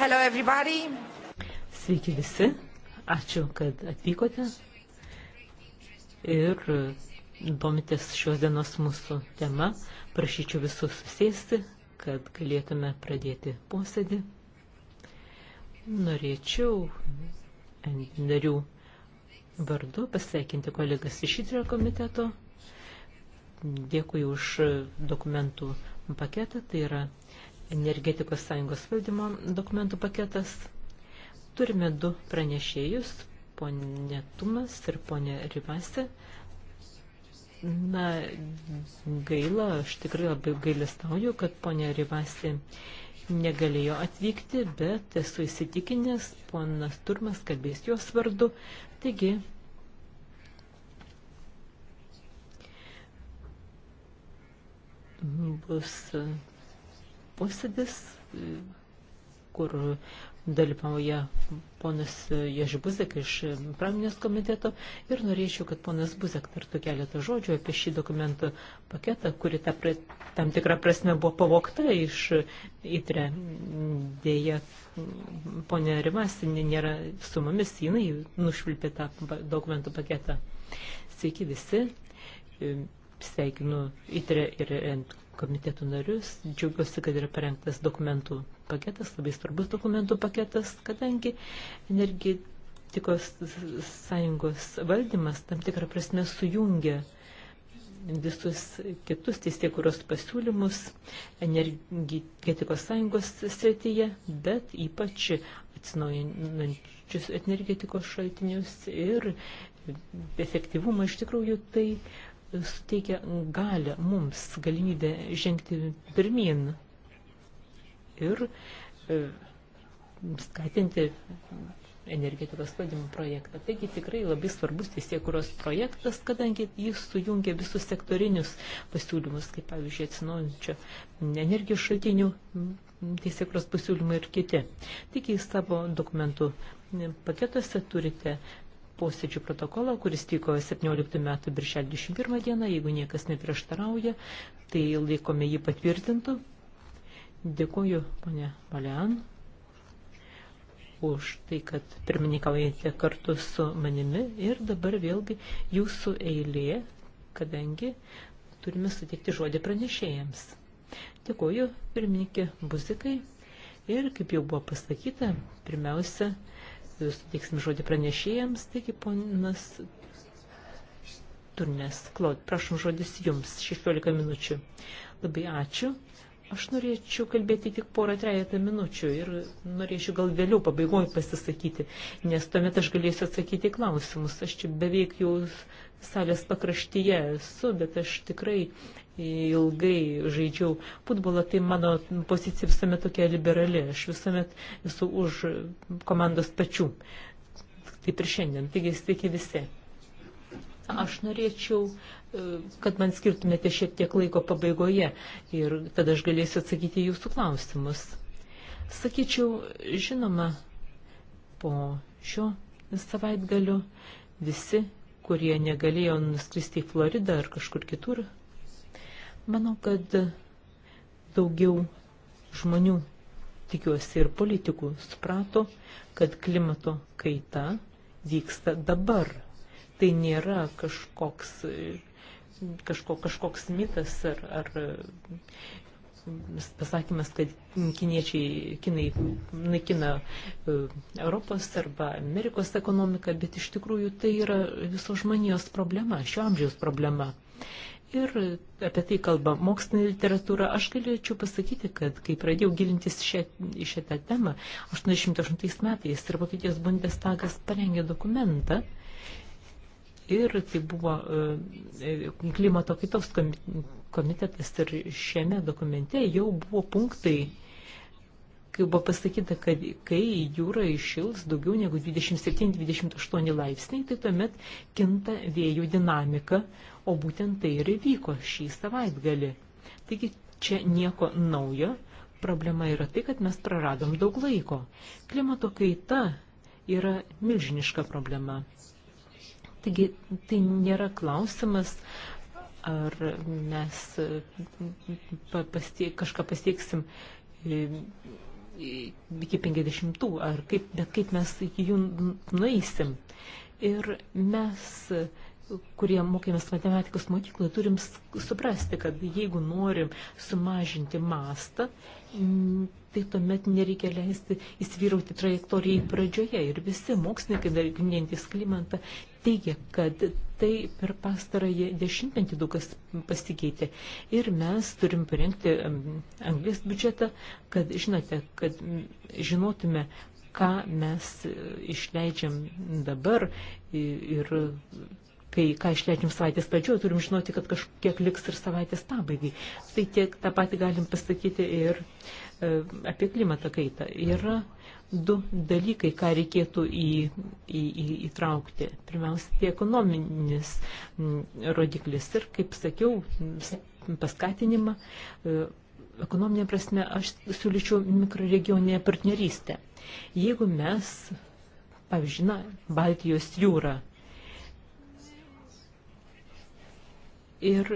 Hello everybody. Sveiki visi, ačiū, kad atvykote ir e, domitės šios dienos mūsų tema. Prašyčiau visus susėsti, kad galėtume pradėti posėdį. Norėčiau narių vardu pasveikinti kolegas iš įtrio komiteto. Dėkui už dokumentų paketą, tai yra energetikos sąjungos valdymo dokumentų paketas. Turime du pranešėjus, ponė Tumas ir ponė Rivasi. Na, gaila, aš tikrai labai gailestauju, kad ponė Rivasi negalėjo atvykti, bet esu įsitikinęs, ponas Turmas kalbės jos vardu. Taigi, bus posėdis, kur dalyvauja ponas Ježibuzek iš pramonės komiteto ir norėčiau, kad ponas Buzek tartų keletą žodžių apie šį dokumentų paketą, kuri ta, tam tikrą prasme buvo pavokta iš įtre. Dėja, ponė Rimas nėra su mumis, jinai nušvilpė tą dokumentų paketą. Sveiki visi, sveikinu įtre ir komitetų narius. Džiaugiuosi, kad yra parengtas dokumentų paketas, labai svarbus dokumentų paketas, kadangi energetikos sąjungos valdymas tam tikrą prasme sujungia visus kitus teisėkuros pasiūlymus energetikos sąjungos srityje, bet ypač atsinaujinančius energetikos šaltinius ir efektyvumą iš tikrųjų tai suteikia galę mums, galimybę žengti pirmin ir e, skatinti energetikos valdymo projektą. Taigi tikrai labai svarbus teisėkuros projektas, kadangi jis sujungia visus sektorinius pasiūlymus, kaip pavyzdžiui atsinaujančio energijos šaltinių teisėkuros pasiūlymai ir kiti. Taigi savo dokumentų paketuose turite posėdžių protokolą, kuris tyko 17 metų birželio 21 dieną. Jeigu niekas neprieštarauja, tai laikome jį patvirtintų. Dėkuoju, ponė Valian, už tai, kad pirmininkaujate kartu su manimi. Ir dabar vėlgi jūsų eilė, kadangi turime suteikti žodį pranešėjams. Dėkuoju, pirmininkė Buzikai. Ir kaip jau buvo pasakyta, pirmiausia, suteiksim žodį pranešėjams, taigi ponas Turnės. Klaud, prašom žodis jums, 16 minučių. Labai ačiū. Aš norėčiau kalbėti tik porą trejata minučių ir norėčiau gal vėliau pabaigoj pasisakyti, nes tuomet aš galėsiu atsakyti klausimus. Aš čia beveik jau salės pakraštyje esu, bet aš tikrai ilgai žaidžiau futbolą, tai mano pozicija visuomet tokia liberali. Aš visuomet esu už komandos pačių. Taip ir šiandien. Taigi sveiki visi. Aš norėčiau, e, kad man skirtumėte šiek tiek laiko pabaigoje ir tada aš galėsiu atsakyti jūsų klausimus. Sakyčiau, žinoma, po šio savaitgaliu visi, kurie negalėjo nuskristi į Floridą ar kažkur kitur, Manau, kad daugiau žmonių, tikiuosi ir politikų, suprato, kad klimato kaita vyksta dabar. Tai nėra kažkoks, kažko, kažkoks mitas ar, ar pasakymas, kad kiniečiai, kinai naikina e, Europos arba Amerikos ekonomiką, bet iš tikrųjų tai yra viso žmonijos problema, šio amžiaus problema ir apie tai kalba mokslinė literatūra. Aš galėčiau pasakyti, kad kai pradėjau gilintis šią, į šitą temą 88 metais ir Vokietijos Bundestagas parengė dokumentą, ir tai buvo e, e, klimato kitos komitetas ir šiame dokumente jau buvo punktai kai buvo pasakyta, kad kai jūra išils daugiau negu 27-28 laipsniai, tai tuomet kinta vėjų dinamika, o būtent tai ir įvyko šį savaitgalį. Taigi čia nieko naujo, problema yra tai, kad mes praradom daug laiko. Klimato kaita yra milžiniška problema. Taigi tai nėra klausimas, ar mes pasie, kažką pasieksim iki 50 ar kaip, bet kaip mes iki jų nueisim. Ir mes, kurie mokėmės matematikos mokykloje, turim suprasti, kad jeigu norim sumažinti mastą, tai tuomet nereikia leisti įsivyrauti trajektorijai pradžioje. Ir visi mokslininkai, nagrinėjantis klimatą, teigia, kad tai per pastarąjį dešimtmetį daug kas pasikeitė. Ir mes turim parengti anglės biudžetą, kad, žinote, kad žinotume, ką mes e, išleidžiam dabar ir kai ką išleidžiam savaitės pradžioje, turim žinoti, kad kažkiek liks ir savaitės pabaigai. Tai tiek tą patį galim pasakyti ir e, apie klimato kaitą. Yra e, du dalykai, ką reikėtų į, į, į, įtraukti. Pirmiausia, tai ekonominis rodiklis ir, kaip sakiau, paskatinimą. E, ekonominė prasme, aš siūlyčiau mikroregioninę partnerystę. Jeigu mes, pavyzdžiui, na, Baltijos jūrą ir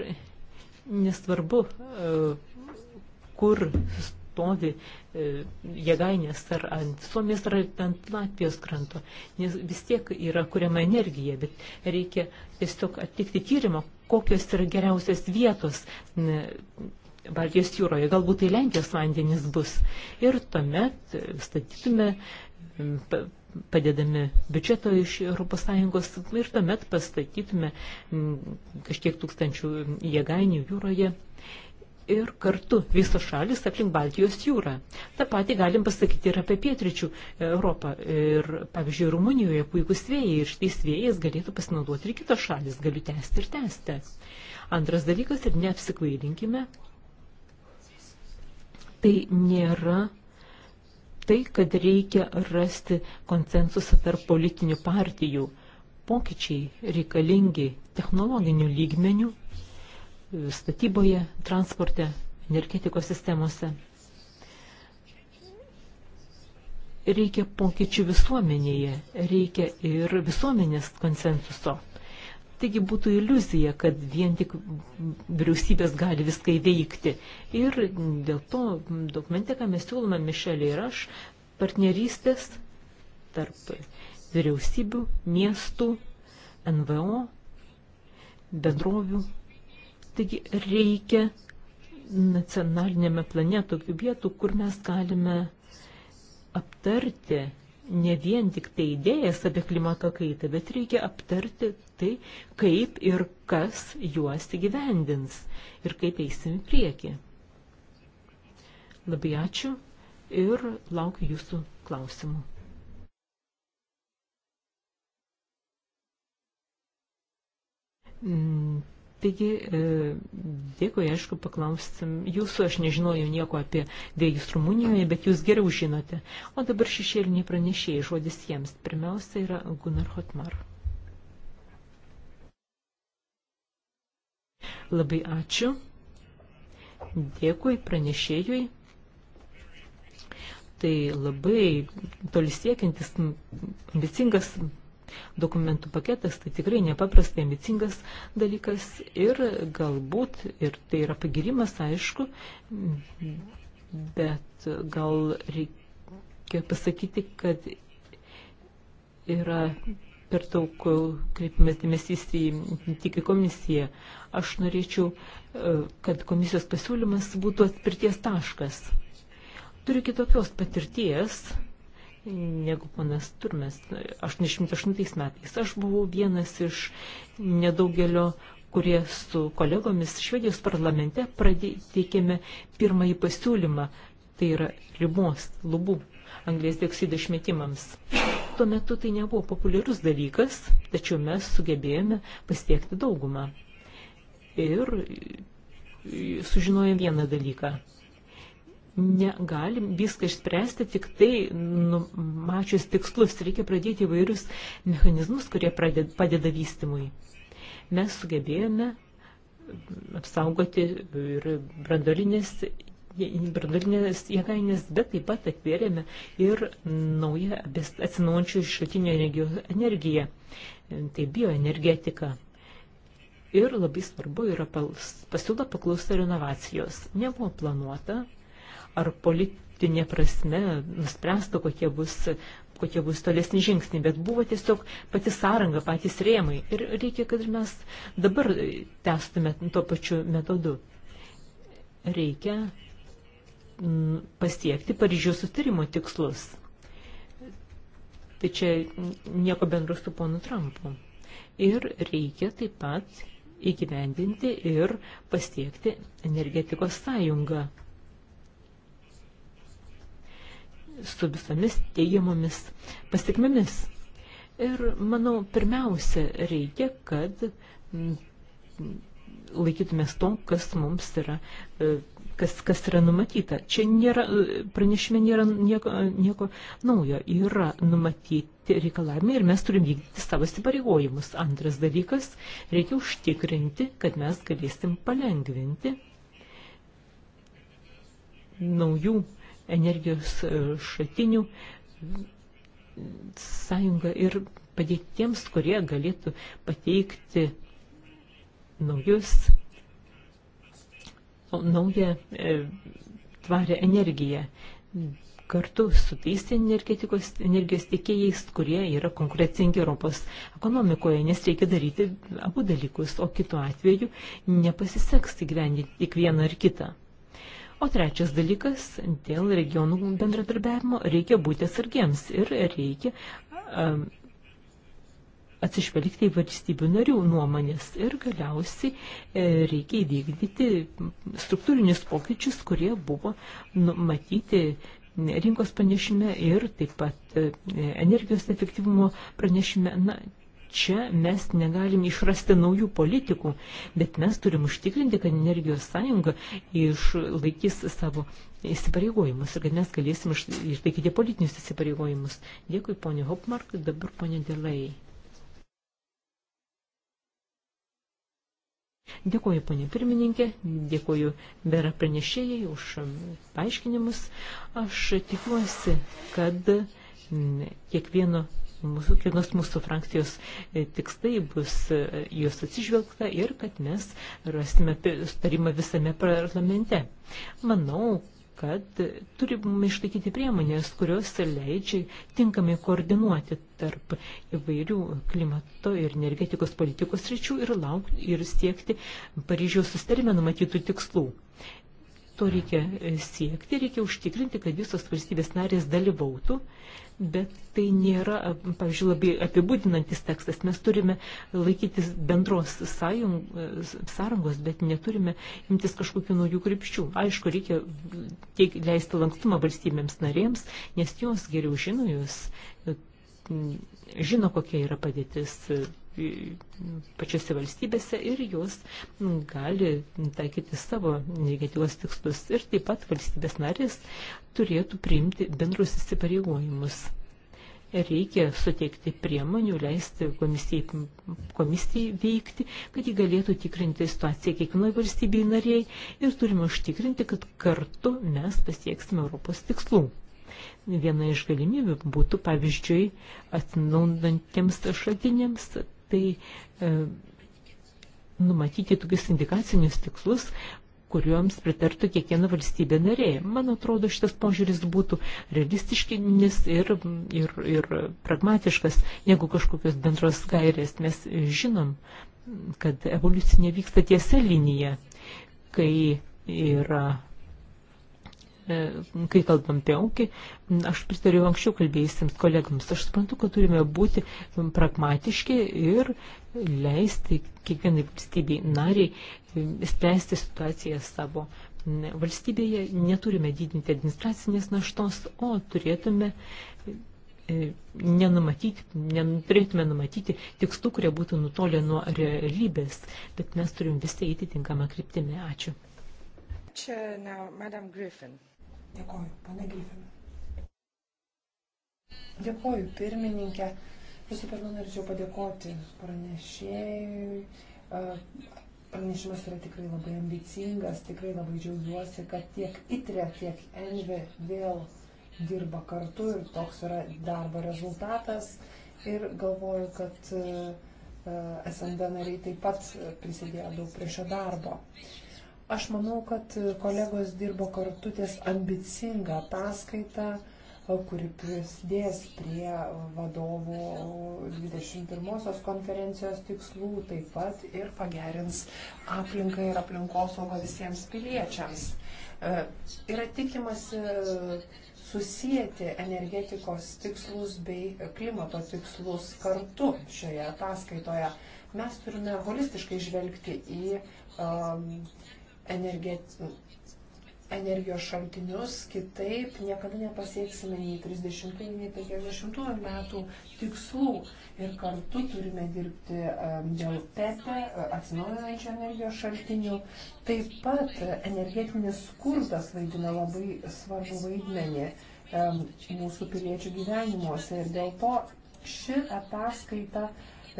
nesvarbu, e, kur stovi e, jėgainės ar ant Suomijos ar ant Latvijos kranto, nes vis tiek yra kuriama energija, bet reikia tiesiog atlikti tyrimą, kokios yra geriausios vietos Baltijos jūroje, galbūt tai Lenkijos vandenis bus. Ir tuomet e, statytume padėdami biudžeto iš ES ir tuomet pastatytume kažkiek tūkstančių jėgainių jūroje ir kartu visos šalis aplink Baltijos jūrą. Ta pati galim pasakyti ir apie pietričių Europą. Ir, pavyzdžiui, Rumunijoje puikus vėjai ir šitais vėjais galėtų pasinaudoti ir kitos šalis, galiu tęsti ir tęsti. Antras dalykas, ir neapsikvailinkime, tai nėra tai, kad reikia rasti konsensusą tarp politinių partijų. Pokyčiai reikalingi technologinių lygmenių statyboje, transporte, energetikos sistemose. Reikia pokyčių visuomenėje, reikia ir visuomenės konsensuso. Taigi būtų iliuzija, kad vien tik vyriausybės gali viską įveikti. Ir dėl to dokumente, ką mes siūlome, Mišelė ir aš, partnerystės tarp vyriausybių, miestų, NVO, bendrovių Taigi reikia nacionalinėme plane tokių vietų, kur mes galime aptarti ne vien tik tai idėjas apie klimato kaitą, bet reikia aptarti tai, kaip ir kas juos įgyvendins ir kaip eisim į priekį. Labai ačiū ir laukiu jūsų klausimų. Mm Taigi, e, dėkui, aišku, paklausim jūsų, aš nežinojau nieko apie vėjus Rumunijoje, bet jūs geriau žinote. O dabar šešėliniai pranešėjai, žodis jiems. Pirmiausia yra Gunnar Hotmar. Labai ačiū. Dėkui pranešėjui. Tai labai tolisiekintis, ambicingas dokumentų paketas, tai tikrai nepaprastai ambicingas dalykas ir galbūt, ir tai yra pagirimas, aišku, bet gal reikia pasakyti, kad yra per daug kreipimas dėmesys į tik į komisiją. Aš norėčiau, e, kad komisijos pasiūlymas būtų atspirties taškas. Turiu kitokios patirties negu ponas Turmes 88 metais. Aš buvau vienas iš nedaugelio kurie su kolegomis Švedijos parlamente pradėkėme pirmąjį pasiūlymą, tai yra ribos, lubų, anglės dioksido išmetimams. Tuo metu tai nebuvo populiarus dalykas, tačiau mes sugebėjome pasiekti daugumą. Ir sužinojom vieną dalyką negalim viską išspręsti tik tai numačius tikslus. Reikia pradėti įvairius mechanizmus, kurie padeda vystimui. Mes sugebėjome apsaugoti ir brandolinės branduolinės jėgainės, bet taip pat atvėrėme ir naują atsinaujančių šaltinių energiją, tai bioenergetika. Ir labai svarbu yra pasiūla paklausa ir inovacijos. Nebuvo planuota ar politinė prasme nuspręsta, kokie bus kokie bus tolesni žingsniai, bet buvo tiesiog pati sąranga, patys rėmai. Ir reikia, kad mes dabar testume tuo pačiu metodu. Reikia mm, pasiekti Paryžiaus sutarimo tikslus. Tai čia nieko bendro su ponu Trumpu. Ir reikia taip pat įgyvendinti ir pasiekti energetikos sąjungą su visomis teigiamomis pasiekmėmis. Ir manau, pirmiausia, reikia, kad laikytumės to, kas mums yra, e, kas, kas yra numatyta. Čia nėra, e, pranešime nėra nieko, nieko naujo. Yra numatyti reikalavimai ir mes turim vykdyti savo įsipareigojimus. Antras dalykas, reikia užtikrinti, kad mes galėsim palengvinti naujų uh, energijos e, šaltinių sąjungą ir padėti tiems, kurie galėtų pateikti naujus, naują e, tvarę energiją kartu su tais energetikos energijos tiekėjais, kurie yra konkurencingi Europos ekonomikoje, nes reikia daryti abu dalykus, o kitu atveju nepasiseks įgyvendinti tik vieną ar kitą. O trečias dalykas, dėl regionų bendradarbiavimo reikia būti atsargiems ir reikia um, atsižvelgti į valstybių narių nuomonės ir galiausiai e, reikia įvykdyti struktūrinius pokyčius, kurie buvo matyti rinkos pranešime ir taip pat e, energijos efektyvumo pranešime. Na, čia mes negalim išrasti naujų politikų, bet mes turim užtikrinti, kad energijos sąjunga išlaikys savo įsipareigojimus ir kad mes galėsim išlaikyti politinius įsipareigojimus. Dėkui, ponė Hopmark, dabar ponė Dėlai. Dėkuoju, ponė pirmininkė, dėkuoju bera pranešėjai už paaiškinimus. Aš tikiuosi, kad mm, kiekvieno mūsų, kiekvienos mūsų frakcijos e, tikslai bus e, juos atsižvelgta ir kad mes rasime sutarimą visame parlamente. Manau, kad turime išlaikyti priemonės, kurios leidžia tinkamai koordinuoti tarp įvairių klimato ir energetikos politikos ryčių ir, lauk, ir siekti Paryžiaus sustarime numatytų tikslų to reikia e, siekti, reikia užtikrinti, kad visos valstybės narės dalyvautų, bet tai nėra, pavyzdžiui, labai apibūdinantis tekstas. Mes turime laikytis bendros sąjung, e, sąrangos, bet neturime imtis kažkokių naujų krypčių. Aišku, reikia tiek leisti lankstumą valstybėms narėms, nes jos geriau žino, jos e, žino, kokia yra padėtis pačiose valstybėse ir jos gali taikyti savo negatyvos tikslus. Ir taip pat valstybės narės turėtų priimti bendrus įsipareigojimus. Reikia suteikti priemonių, leisti komisijai, komisijai veikti, kad ji galėtų tikrinti situaciją kiekvienoje valstybėje nariai ir turime užtikrinti, kad kartu mes pasieksime Europos tikslų. Viena iš galimybių būtų, pavyzdžiui, atsinaudantiems šaltiniams tai e, numatyti tokius indikacinius tikslus, kuriuoms pritartų kiekviena valstybė narė. Man atrodo, šitas požiūris būtų realistiškinis ir, ir, ir pragmatiškas, negu kažkokios bendros gairės. Mes žinom, kad evoliucija vyksta tiesia linija, kai yra E, kai kalbam apie ūkį, aš pritariu anksčiau kalbėjusiems kolegams. Aš suprantu, kad turime būti pragmatiški ir leisti kiekvienai valstybei nariai e, spręsti situaciją savo valstybėje. Neturime didinti administracinės naštos, o turėtume e, nenumatyti, neturėtume numatyti tikslų, kurie būtų nutolę nuo realybės, bet mes turim visi eiti tinkamą kryptimį. Ačiū. Čia, now, Madam Griffin. Dėkoju, pana Grifin. Dėkoju, pirmininkė. Visų pirma, norėčiau padėkoti pranešėjui. Pranešimas yra tikrai labai ambicingas, tikrai labai džiaugiuosi, kad tiek ITRE, tiek ENŽVE vėl dirba kartu ir toks yra darbo rezultatas. Ir galvoju, kad SND nariai taip pat prisidėjo daug prie šio darbo. Uh, Aš manau, kad kolegos dirbo kartu ties ambicingą ataskaitą, kuri prisidės prie vadovų 21-osios konferencijos tikslų, taip pat ir pagerins aplinką ir aplinkosaugą visiems piliečiams. E, yra tikimasi susijęti energetikos tikslus bei klimato tikslus kartu šioje ataskaitoje. Mes turime holistiškai žvelgti į um, energet... energijos šaltinius, kitaip niekada nepasieksime nei 30, nei 50 metų tikslų. Ir kartu turime dirbti dėl PEPE, atsinaujinančių energijos šaltinių. Taip pat energetinis skurdas vaidina labai svarbu vaidmenį mūsų piliečių gyvenimuose ir dėl to ši ataskaita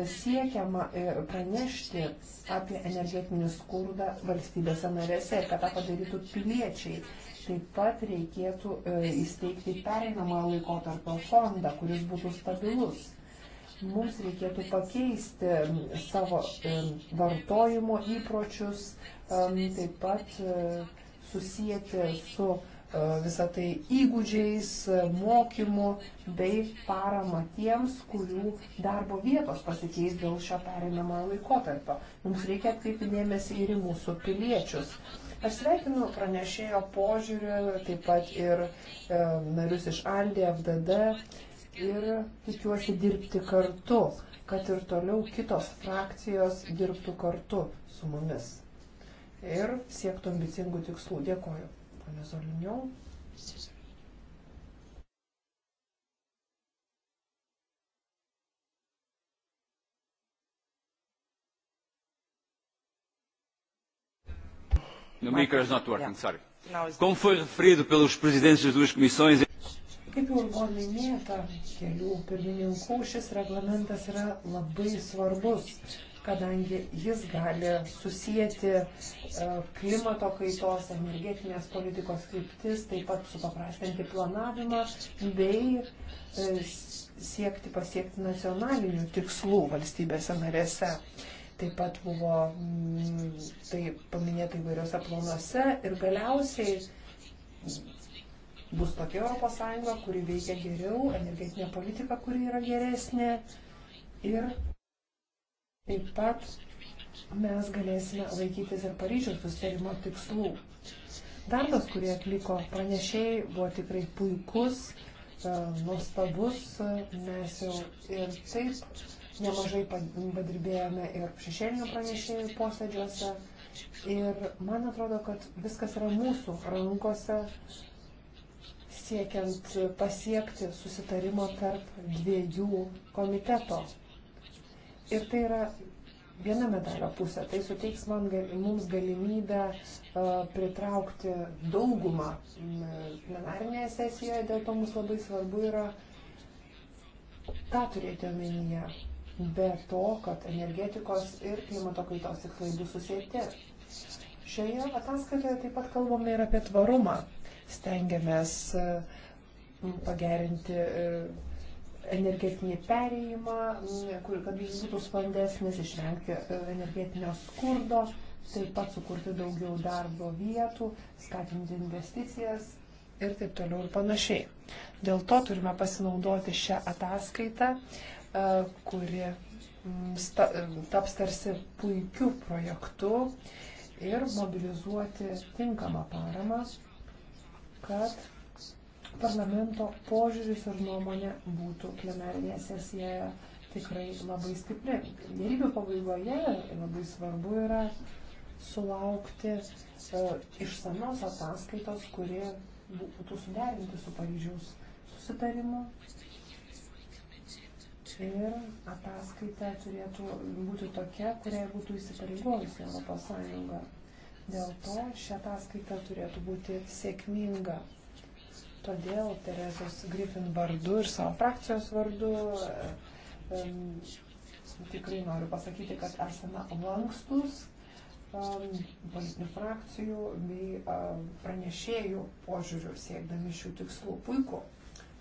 siekiama pranešti apie energetinį skurdą valstybėse narėse ir kad tą padarytų piliečiai. Taip pat reikėtų e, įsteigti pereinamą laikotarpio fondą, kuris būtų stabilus. Mums reikėtų pakeisti savo e, vartojimo įpročius, e, taip pat susijęti su E, visą tai įgūdžiais, mokymu bei parama tiems, kurių darbo vietos pasikeis dėl šio pereinamojo laikotarpio. Mums reikia atkreipti dėmesį ir į mūsų piliečius. Aš sveikinu pranešėjo požiūrį, taip pat ir e, narius iš Aldė, FDD ir tikiuosi dirbti kartu, kad ir toliau kitos frakcijos dirbtų kartu su mumis ir siektų ambicingų tikslų. Dėkoju ponia Zolinio. No micro is not working, yeah. sorry. Como foi referido pelos presidentes das duas comissões. Kaip jau buvo minėta kelių pirmininkų, šis reglamentas yra labai svarbus kadangi jis gali susijęti e, klimato kaitos, energetinės politikos kryptis, taip pat supaprastinti planavimą bei e, siekti pasiekti nacionalinių tikslų valstybėse narėse. Taip pat buvo mm, tai paminėta įvairiuose planuose ir galiausiai bus tokia Europos Sąjunga, kuri veikia geriau, energetinė politika, kuri yra geresnė ir Taip pat mes galėsime laikytis ir Paryžiaus susitarimo tikslų. Darbas, kurį atliko pranešėjai, buvo tikrai puikus, e, nuostabus. Mes jau ir taip nemažai padirbėjome ir šešėlinių pranešėjų posėdžiuose. Ir man atrodo, kad viskas yra mūsų rankose siekiant pasiekti susitarimo tarp dviejų komiteto Ir tai yra viena medalio pusė. Tai suteiks man, mums galimybę e, pritraukti daugumą plenarinėje sesijoje, dėl to mums labai svarbu yra tą turėti omenyje. Be to, kad energetikos ir klimato kaitos tikslai bus susėti. Šioje ataskaitoje taip pat kalbame ir apie tvarumą. Stengiamės e, pagerinti e, energetinį perėjimą, kur, kad jis būtų sklandesnis, išvengti e, energetinio skurdo, taip pat sukurti daugiau darbo vietų, skatinti investicijas ir taip toliau ir panašiai. Dėl to turime pasinaudoti šią ataskaitą, e, kuri e, taps tarsi puikiu projektu ir mobilizuoti tinkamą paramą, kad parlamento požiūris ir nuomonė būtų plenarinėje sesijoje tikrai labai stipri. Dėrybių pabaigoje labai svarbu yra sulaukti uh, išsamios ataskaitos, kuri būtų suderinti su Paryžiaus susitarimu. Ir ataskaita turėtų būti tokia, kuriai būtų įsipareigojusi ES. Dėl to ši ataskaita turėtų būti sėkminga Todėl Terezos Griffin vardu ir savo frakcijos vardu um, tikrai noriu pasakyti, kad esame lankstus um, politinių frakcijų bei um, pranešėjų požiūrių siekdami šių tikslų. Puiku.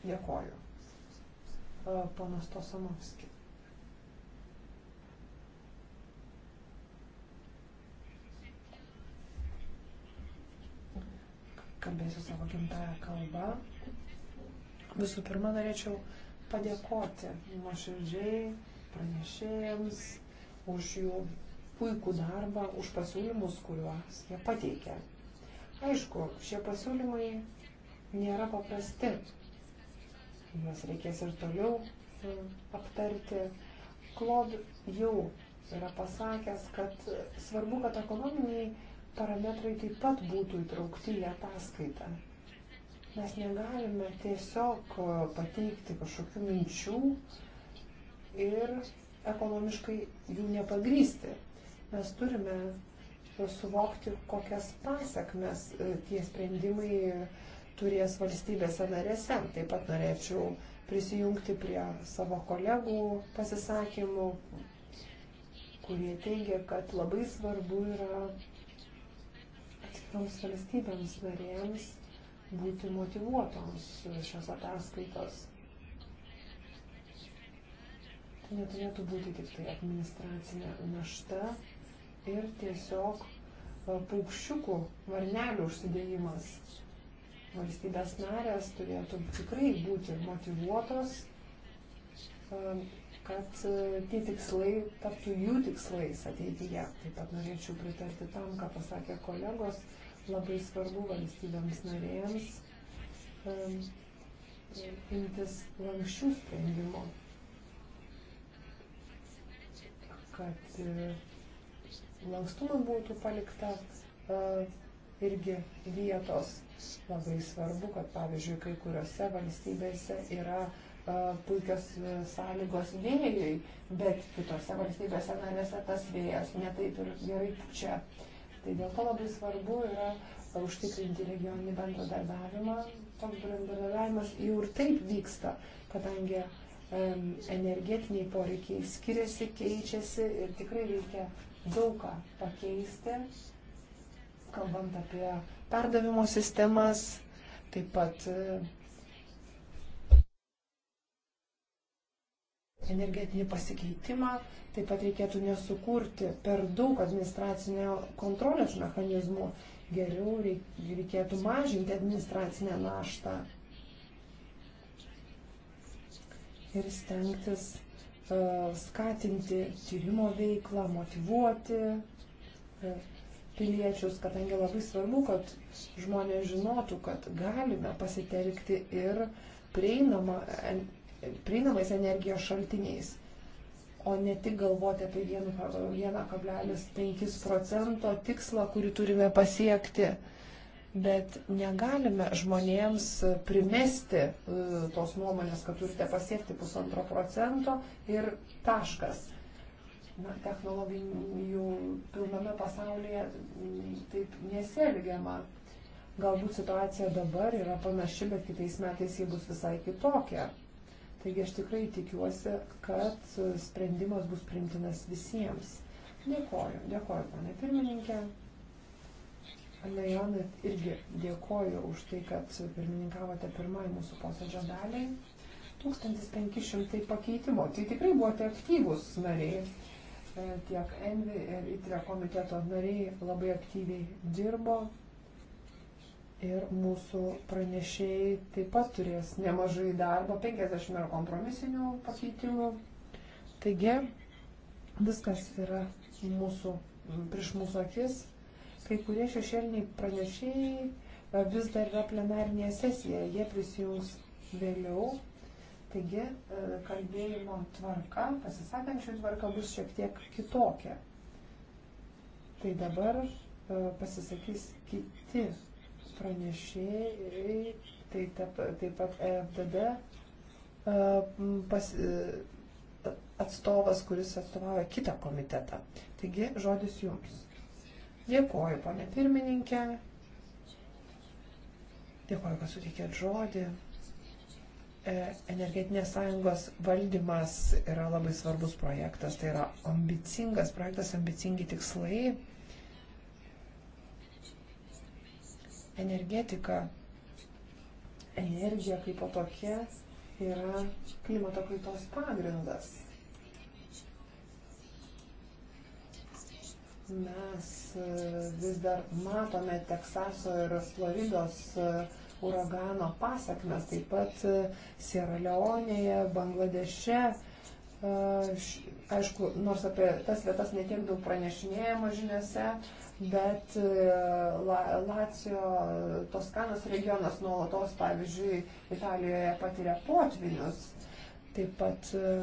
Dėkoju. Uh, Ponas Tosamovskis. kalbėsiu savo gimtają kalbą. Visų pirma, norėčiau padėkoti nuoširdžiai pranešėjams už jų puikų darbą, už pasiūlymus, kuriuos jie pateikė. Aišku, šie pasiūlymai nėra paprasti. Juos reikės ir toliau aptarti. Klod jau yra pasakęs, kad svarbu, kad ekonominiai parametrai taip pat būtų įtraukti į ataskaitą. Mes negalime tiesiog e, pateikti kažkokių minčių ir ekonomiškai jų nepagrysti. Mes turime suvokti, kokias pasiekmes e, tie sprendimai turės valstybėse narėse. Taip pat norėčiau prisijungti prie savo kolegų pasisakymų, kurie teigia, kad labai svarbu yra paskirtoms valstybėms narėms būti motivuotoms šios ataskaitos. Tai neturėtų būti tik tai administracinė našta ir tiesiog e, paukščiukų varnelių užsidėjimas. Valstybės narės turėtų tikrai būti motivuotos, e, kad e, tie tikslai taptų jų tikslais ateityje. Taip pat norėčiau pritarti tam, ką pasakė kolegos labai svarbu valstybėms narėms um, imtis lankščių sprendimų, kad uh, lankstumui būtų palikta uh, irgi vietos. Labai svarbu, kad pavyzdžiui, kai kuriuose valstybėse yra uh, puikios sąlygos vėjui, bet kitose valstybėse narėse tas vėjas netaip ir gerai pučia. Uh, Tai dėl to labai svarbu yra užtikrinti regioninį bendradarbiavimą. Toks bendradarbiavimas jau ir taip vyksta, kadangi um, energetiniai poreikiai skiriasi, keičiasi ir tikrai reikia daug ką pakeisti, kalbant apie perdavimo sistemas, taip pat uh, energetinį pasikeitimą, taip pat reikėtų nesukurti per daug administracinio kontrolės mechanizmų, geriau reikėtų mažinti administracinę naštą ir stengtis uh, skatinti tyrimo veiklą, motivuoti uh, piliečius, kadangi labai svarbu, kad žmonės žinotų, kad galime pasitelkti ir prieinamą prieinamais energijos šaltiniais, o ne tik galvoti apie 1,5 procento tikslą, kurį turime pasiekti. Bet negalime žmonėms primesti e, tos nuomonės, kad turite pasiekti pusantro procento ir taškas na, technologijų pilname pasaulyje taip nesielgiama. Galbūt situacija dabar yra panaši, bet kitais metais ji bus visai kitokia. Taigi aš tikrai tikiuosi, kad sprendimas bus primtinas visiems. Dėkoju, dėkoju, pane pirmininkė. Leonai, irgi dėkoju už tai, kad pirmininkavote pirmai mūsų posėdžio daliai. 1500 pakeitimo. Tai tikrai buvote aktyvus nariai. E, tiek Envi ir ITRE komiteto nariai labai aktyviai dirbo ir mūsų pranešėjai taip pat turės nemažai darbo, 50 yra kompromisinių pakeitimų. Taigi, viskas yra mūsų, prieš mūsų akis. Kai kurie šešėliniai pranešėjai e, vis dar yra plenarinėje sesijoje, jie prisijungs vėliau. Taigi, e, kalbėjimo tvarka, pasisakančių tvarka bus šiek tiek kitokia. Tai dabar e, pasisakys kiti pranešėjai, tai taip, taip pat FDD pas, e, atstovas, kuris atstovauja kitą komitetą. Taigi, žodis jums. Dėkoju, ponė pirmininkė. Dėkoju, kad suteikėt žodį. E, energetinės sąjungos valdymas yra labai svarbus projektas, tai yra ambicingas projektas, ambicingi tikslai energetika, energija kaip po tokia yra klimato kaitos pagrindas. Mes eh, vis dar matome Teksaso ir Floridos eh, uragano pasakmes, taip pat eh, Sierra Leonėje, Bangladeše. Aišku, nors apie tas vietas netiek daug pranešinėjama žiniuose, bet e, La, Lacijo Toskanos regionas nuolatos, pavyzdžiui, Italijoje patiria potvinius. Taip pat e,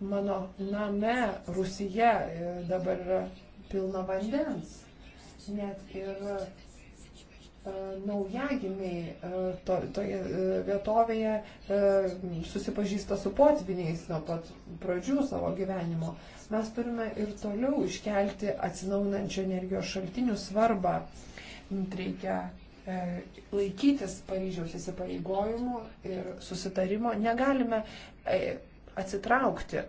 mano name Rusija e, dabar yra pilna vandens. Net ir E, naujagimiai e, to, toje e, vietovėje susipažįsta su potviniais nuo pat pradžių savo gyvenimo. Mes turime ir toliau iškelti atsinaunančio energijos šaltinių svarbą. Reikia laikytis Paryžiaus įsipareigojimų ir susitarimo. Negalime atsitraukti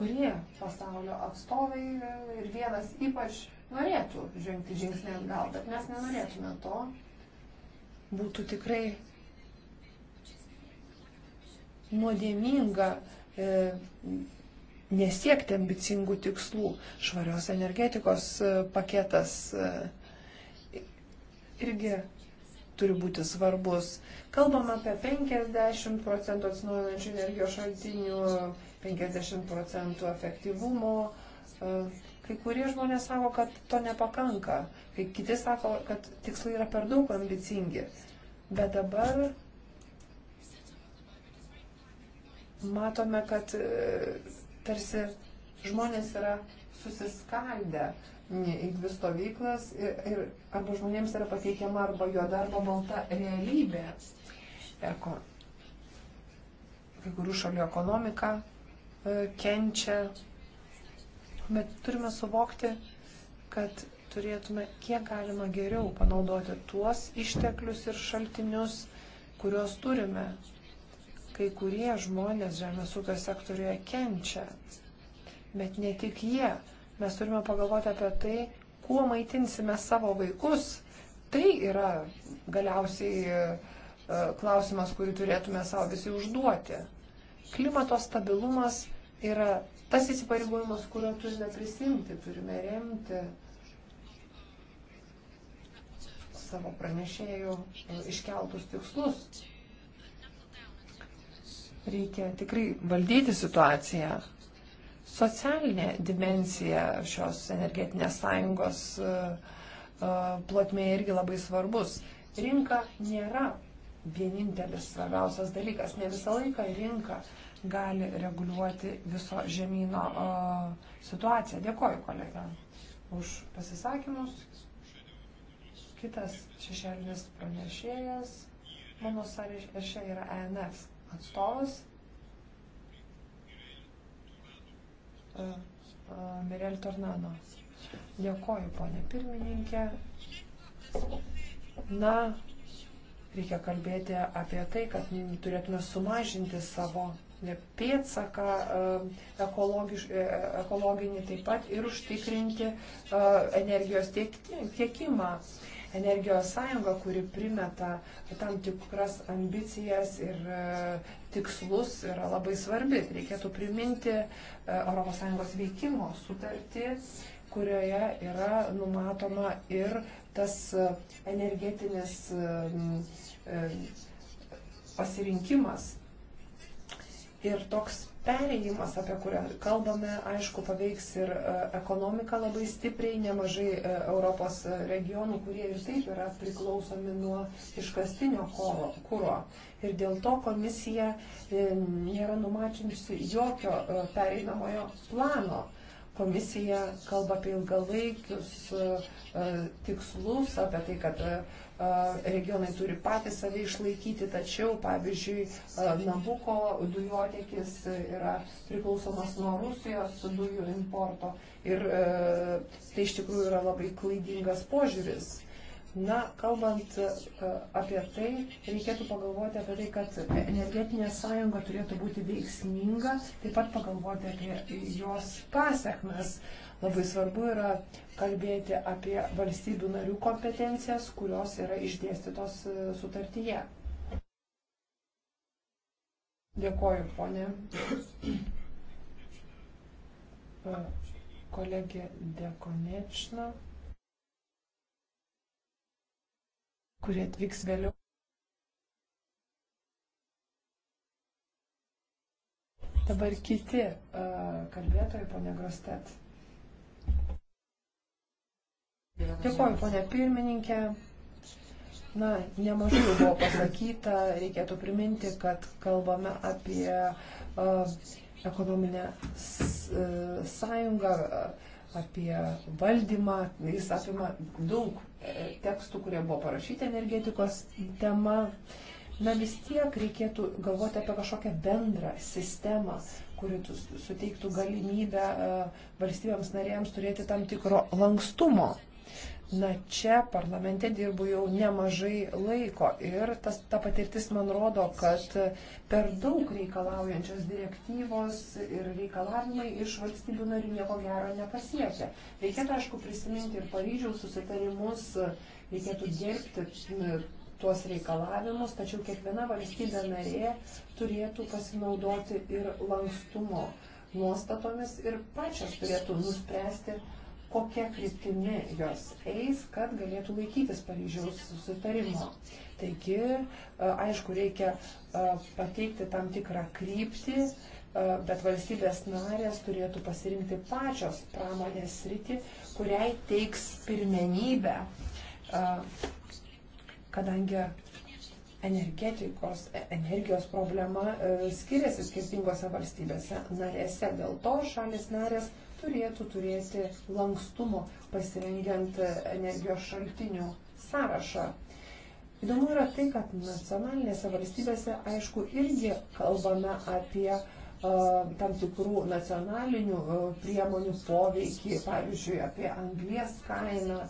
kurie pasaulio atstovai e, ir vienas ypač norėtų žengti žingsnį atgal, bet mes nenorėtume to. Būtų tikrai nuodėminga e, nesiekti ambicingų tikslų. Švarios energetikos e, paketas e, irgi turi būti svarbus. Kalbam apie 50 procentų atsinaujinančių energijos šaltinių 50 procentų efektyvumo. E, kai kurie žmonės sako, kad to nepakanka, kai kiti sako, kad tikslai yra per daug ambicingi. Bet dabar matome, kad e, tarsi žmonės yra susiskaldę į dvi stovyklas ir, ir arba žmonėms yra pateikiama arba juoda arba balta realybė. Eko, kai kurių šalių ekonomika E, kenčia. Bet turime suvokti, kad turėtume kiek galima geriau panaudoti tuos išteklius ir šaltinius, kuriuos turime. Kai kurie žmonės žemės ūkio sektoriuje kenčia, bet ne tik jie. Mes turime pagalvoti apie tai, kuo maitinsime savo vaikus. Tai yra galiausiai e, klausimas, kurį turėtume savo visi užduoti. Klimato stabilumas yra tas įsipareigojimas, kurio turime prisimti, turime remti savo pranešėjų e, iškeltus tikslus. Reikia tikrai valdyti situaciją. Socialinė dimensija šios energetinės sąjungos e, e, plotmėje irgi labai svarbus. Rinka nėra vienintelis svarbiausias dalykas. Ne visą laiką rinka gali reguliuoti viso žemynų situaciją. Dėkoju kolega už pasisakymus. Kitas šešėlinis pranešėjas mano sąraše yra ENF atstovas. E, e, Mirel Tornano. Dėkoju, ponė pirmininkė. Na, Reikia kalbėti apie tai, kad turėtume sumažinti savo pėtsaką e, e, ekologinį taip pat ir užtikrinti e, energijos tiekimą. Energijos sąjunga, kuri primeta tam tikras ambicijas ir tikslus, yra labai svarbi. Reikėtų priminti ES veikimo sutartį, kurioje yra numatoma ir tas e, energetinis e, e, pasirinkimas ir toks perėjimas, apie kurią kalbame, aišku, paveiks ir ekonomiką labai stipriai, nemažai Europos regionų, kurie ir taip yra priklausomi nuo iškastinio kūro. Ir dėl to komisija nėra numačiusi jokio pereinamojo plano. Komisija kalba apie ilgalaikius E, tikslus, apie tai, kad e, e, regionai turi patys save išlaikyti, tačiau, pavyzdžiui, Nabuko dujotiekis yra priklausomas nuo Rusijos dujų importo ir tai iš tikrųjų yra labai klaidingas požiūris. Na, kalbant e, apie tai, reikėtų pagalvoti apie tai, kad energetinė sąjunga turėtų būti veiksminga, taip pat pagalvoti apie jos pasiekmes. Labai svarbu yra kalbėti apie valstybių narių kompetencijas, kurios yra išdėstytos e, sutartyje. Dėkoju, ponė. E, kolegė Dekonečna. kurie atvyks vėliau. Dabar kiti uh, kalbėtojai, ponė Grostet. Dėkuoju, ponė pirmininkė. Na, nemažai jau buvo pasakyta, reikėtų priminti, kad kalbame apie uh, ekonominę sąjungą, apie valdymą, jis apima daug tekstų, kurie buvo parašyti energetikos tema. Na vis tiek reikėtų galvoti apie kažkokią bendrą sistemą, kuri suteiktų galimybę e, valstybėms narėms turėti tam tikro lankstumo. Na čia parlamente dirbu jau nemažai laiko ir tas, ta patirtis man rodo, kad per daug reikalaujančios direktyvos ir reikalavimai iš valstybių narių nieko gero nepasiekia. Reikėtų, aišku, prisiminti ir Paryžiaus susitarimus, reikėtų dirbti tuos reikalavimus, tačiau kiekviena valstybė narė turėtų pasinaudoti ir lankstumo nuostatomis ir pačios turėtų nuspręsti, kokia kryptimi jos eis, kad galėtų laikytis Paryžiaus susitarimo. Taigi, e, aišku, reikia e, pateikti tam tikrą kryptį, e, bet valstybės narės turėtų pasirinkti pačios pramonės sritį, kuriai teiks pirmenybę, kadangi energetikos, energijos problema skiriasi skirtingose valstybėse narėse. Dėl to šalis narės turėtų turėti lankstumo pasirengiant energijos šaltinių sąrašą. Įdomu yra tai, kad nacionalinėse valstybėse, aišku, irgi kalbame apie uh, tam tikrų nacionalinių uh, priemonių poveikį, pavyzdžiui, apie anglies kainą.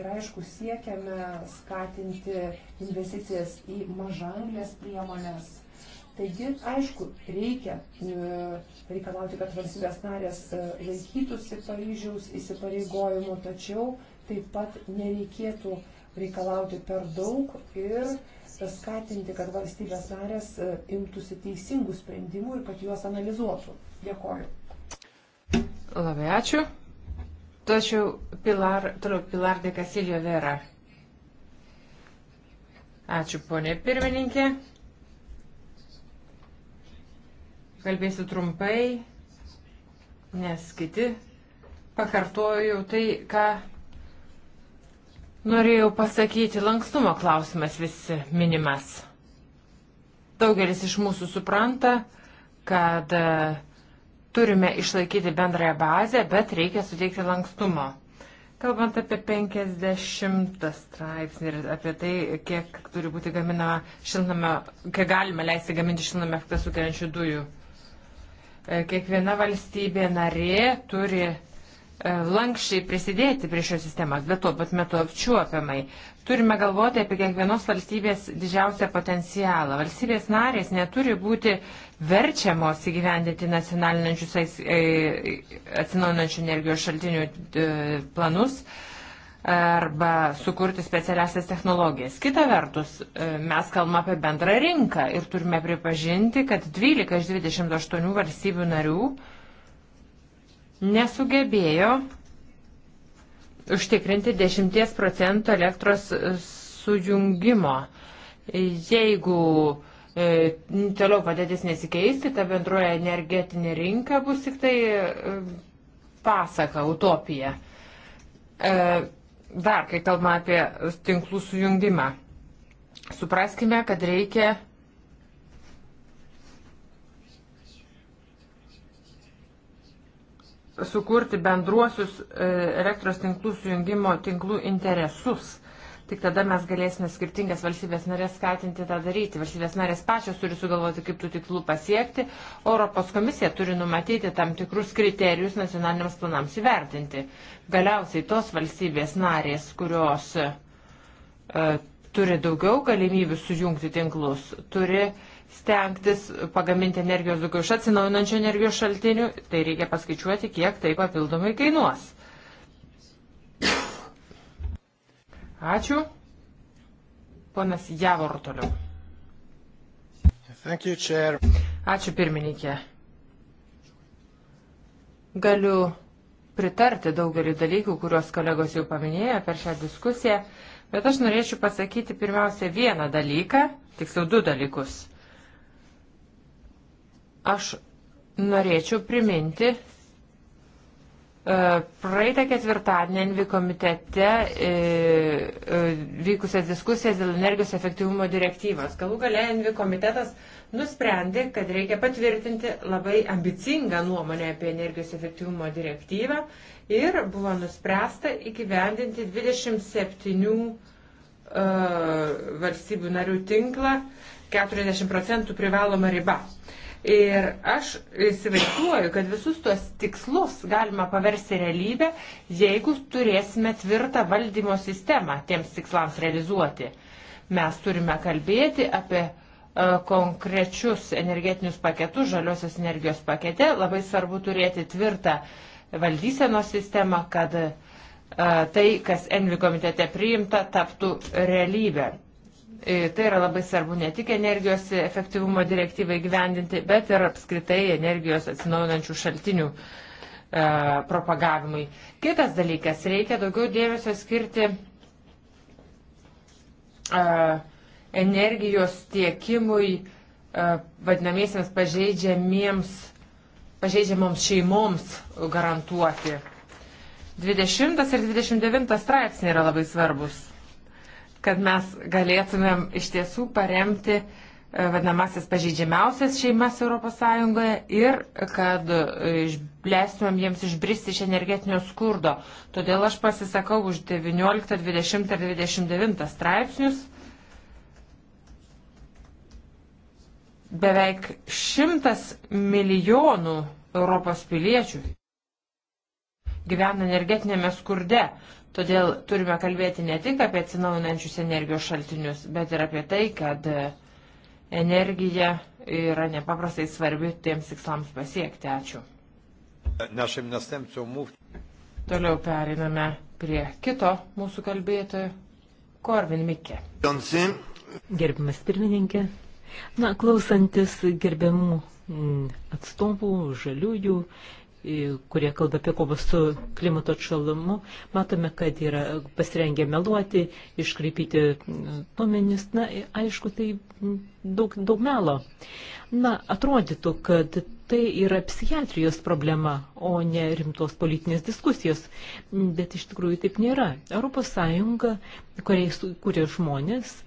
Ir aišku, siekiame skatinti investicijas į mažanglės priemonės. Taigi, aišku, reikia e, reikalauti, kad valstybės narės e, laikytųsi Paryžiaus įsipareigojimų, tačiau taip pat nereikėtų reikalauti per daug ir skatinti, kad valstybės narės e, imtųsi teisingų sprendimų ir kad juos analizuotų. Dėkoju. Labai ačiū. Tačiau Pilar, toliau Pilar de Casilio Vera. Ačiū, ponė pirmininkė. Kalbėsiu trumpai, nes kiti pakartoju tai, ką norėjau pasakyti. Lankstumo klausimas visi minimas. Daugelis iš mūsų supranta, kad e, turime išlaikyti bendrąją bazę, bet reikia suteikti lankstumo. Kalbant apie 50 straipsnį ir apie tai, kiek turi būti gaminama šiltnamio, kiek galima leisti gaminti šiltnamio efektą sukeliančių dujų. E, kiekviena valstybė narė turi e, lankščiai prisidėti prie šios sistemos, bet tuo pat metu apčiuopiamai. Turime galvoti apie kiekvienos valstybės didžiausią potencialą. Valstybės narės neturi būti verčiamos įgyvendinti nacionalinančius e, atsinaujinančių energijos šaltinių planus. E, arba sukurti specialiasias technologijas. Kita vertus, e, mes kalbame apie bendrą rinką ir turime pripažinti, kad 12 iš 28 valstybių narių nesugebėjo užtikrinti 10 procentų elektros sujungimo. Jeigu e, toliau padėtis nesikeis, tai ta bendroja energetinė rinka bus tik tai e, pasaka, utopija. E, dar, kai kalbame apie tinklų sujungimą, supraskime, kad reikia sukurti bendruosius e, elektros tinklų sujungimo tinklų interesus. Tik tada mes galėsime skirtingas valstybės narės skatinti tą daryti. Valstybės narės pačios turi sugalvoti, kaip tų tikslų pasiekti. Europos komisija turi numatyti tam tikrus kriterijus nacionaliniams planams įvertinti. Galiausiai tos valstybės narės, kurios e, turi daugiau galimybių sujungti tinklus, turi stengtis pagaminti energijos daugiau iš atsinaujinančių energijos šaltinių, tai reikia paskaičiuoti, kiek tai papildomai kainuos. Ačiū. Ponas Javor toliau. Thank you, chair. Ačiū pirmininkė. Galiu pritarti daugelį dalykų, kuriuos kolegos jau paminėjo per šią diskusiją, bet aš norėčiau pasakyti pirmiausia vieną dalyką, tiksliau du dalykus. Aš norėčiau priminti E, praeitą ketvirtadienį Envi komitete e, e, vykusias diskusijas dėl energijos efektyvumo direktyvos. Galų gale Envi komitetas nusprendė, kad reikia patvirtinti labai ambicingą nuomonę apie energijos efektyvumo direktyvą ir buvo nuspręsta įgyvendinti 27 uh, valstybių narių tinklą 40 procentų privaloma riba. Uh, Ir aš įsivaizduoju, kad visus tuos tikslus galima paversti realybę, jeigu turėsime tvirtą valdymo sistemą tiems tikslams realizuoti. Mes turime kalbėti apie e, konkrečius energetinius paketus, žaliosios energijos pakete. Labai svarbu turėti tvirtą valdysenos sistemą, kad e, tai, kas Envi komitete priimta, taptų realybę. E, tai yra labai svarbu ne tik energijos efektyvumo direktyvai gyvendinti, bet ir apskritai energijos atsinaujinančių šaltinių e, propagavimui. Kitas dalykas, reikia daugiau dėmesio skirti e, energijos tiekimui e, vadinamiesiams pažeidžiamiems, pažeidžiamoms šeimoms garantuoti. 20 ir 29 straipsniai yra labai svarbus kad mes galėtumėm iš tiesų paremti e, vadinamasis pažydžiamiausias šeimas ES ir kad e, leistumėm jiems išbristi iš energetinio skurdo. Todėl aš pasisakau už 19, 20 ir 29 straipsnius. Beveik šimtas milijonų Europos piliečių gyvena energetinėme skurde. Todėl turime kalbėti ne tik apie atsinaujinančius energijos šaltinius, bet ir apie tai, kad e, energija yra nepaprastai svarbi tiems tikslams pasiekti. Ačiū. Toliau periname prie kito mūsų kalbėtojo, Korvin Mikė. Gerbimas pirmininkė, na, klausantis gerbiamų mm, atstovų, žaliųjų, kurie kalba apie kovą su klimato atšalimu, matome, kad yra pasirengę meluoti, iškreipyti mm, duomenys. Na, aišku, tai mm, daug, daug melo. Na, atrodytų, kad tai yra psichiatrijos problema, o ne rimtos politinės diskusijos. Bet iš tikrųjų taip nėra. Europos Sąjunga, kuriai kūrė žmonės,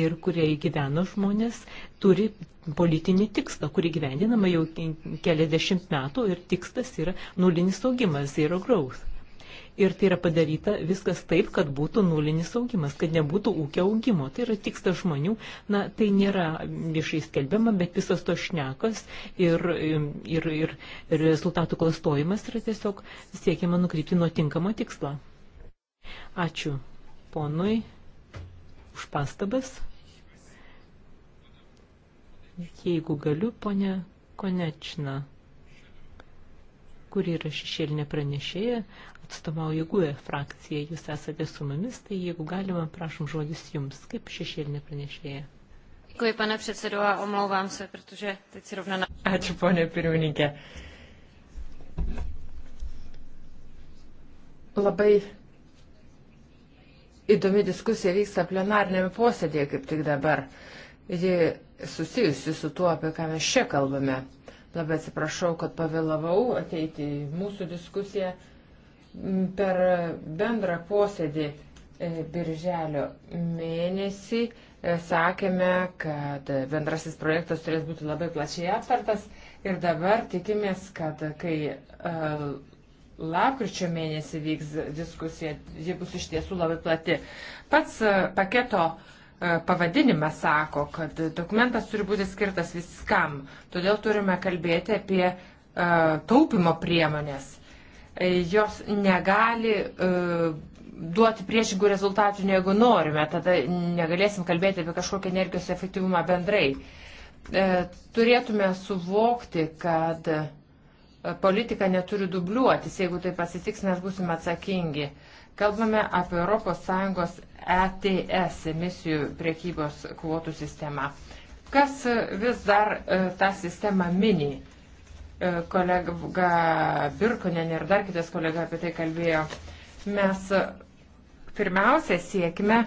ir kurie gyveno žmonės, turi politinį tikslą, kurį gyvendinama jau keliasdešimt metų ir tikslas yra nulinis augimas, zero growth. Ir tai yra padaryta viskas taip, kad būtų nulinis augimas, kad nebūtų ūkio augimo. Tai yra tikslas žmonių, na, tai nėra viešai skelbiama, bet visas to šnekas ir, ir, ir, ir rezultatų klastojimas yra tiesiog siekiama nukrypti nuo tinkamo tikslo. Ačiū ponui už pastabas. Jeigu galiu, ponė Konečna, kuri yra šešėlinė pranešėja, atstovauja GUE frakciją, jūs esate su mumis, tai jeigu galima, prašom žodis jums, kaip šešėlinė pranešėja. Děkuji, pane předsedo, a omlouvám se, protože teď si rovna... Ačiū, ponė pirmininkė. Labai įdomi diskusija vyksta plenarnėme posėdėje kaip tik dabar. Ji susijusi su tuo, apie ką mes čia kalbame. Labai atsiprašau, kad pavėlavau ateiti į mūsų diskusiją per bendrą posėdį e, birželio mėnesį. E, sakėme, kad bendrasis projektas turės būti labai plačiai aptartas ir dabar tikimės, kad kai e, Lapkričio mėnesį vyks diskusija, ji bus iš tiesų labai plati. Pats e, paketo e, pavadinimas sako, kad dokumentas turi būti skirtas viskam, todėl turime kalbėti apie e, taupimo priemonės. Jos negali duoti priešingų rezultatų, negu norime, tada negalėsim kalbėti apie kažkokią energijos efektyvumą bendrai. Turėtume suvokti, kad politika neturi dubliuotis. Jeigu tai pasitiks, mes būsime atsakingi. Kalbame apie ES ETS emisijų priekybos kvotų sistemą. Kas vis dar e, tą sistemą mini? E, kolega Birkonen ir dar kitas kolega apie tai kalbėjo. Mes e, pirmiausia siekime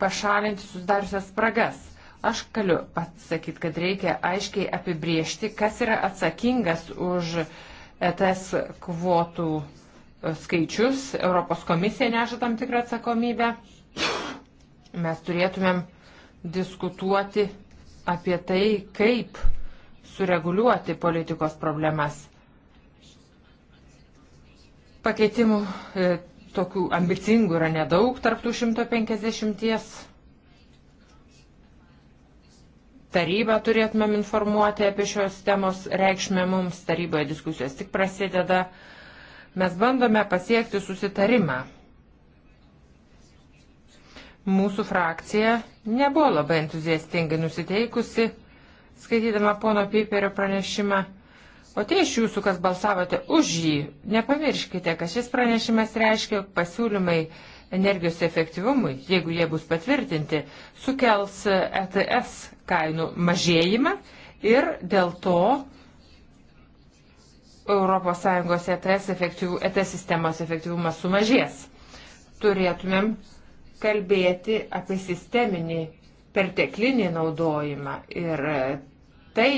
pašalinti susidariusias spragas. Aš galiu pasakyti, kad reikia aiškiai apibriežti, kas yra atsakingas už uh, ETS kvotų skaičius, Europos komisija neša tam tikrą atsakomybę. Mes turėtumėm diskutuoti apie tai, kaip sureguliuoti politikos problemas. Pakeitimų e, tokių ambicingų yra nedaug tarptų 150 Tarybą turėtumėm informuoti apie šios temos reikšmę mums. Taryboje diskusijos tik prasideda. Mes bandome pasiekti susitarimą. Mūsų frakcija nebuvo labai entuziastingai nusiteikusi, skaitydama pono Piperio pranešimą. O tie iš jūsų, kas balsavote už jį, nepamirškite, kad šis pranešimas reiškia pasiūlymai energijos efektyvumui, jeigu jie bus patvirtinti, sukels ETS kainų mažėjimą ir dėl to ES ETS, efektyvų, ETS sistemos efektyvumas sumažės. Turėtumėm kalbėti apie sisteminį perteklinį naudojimą ir tai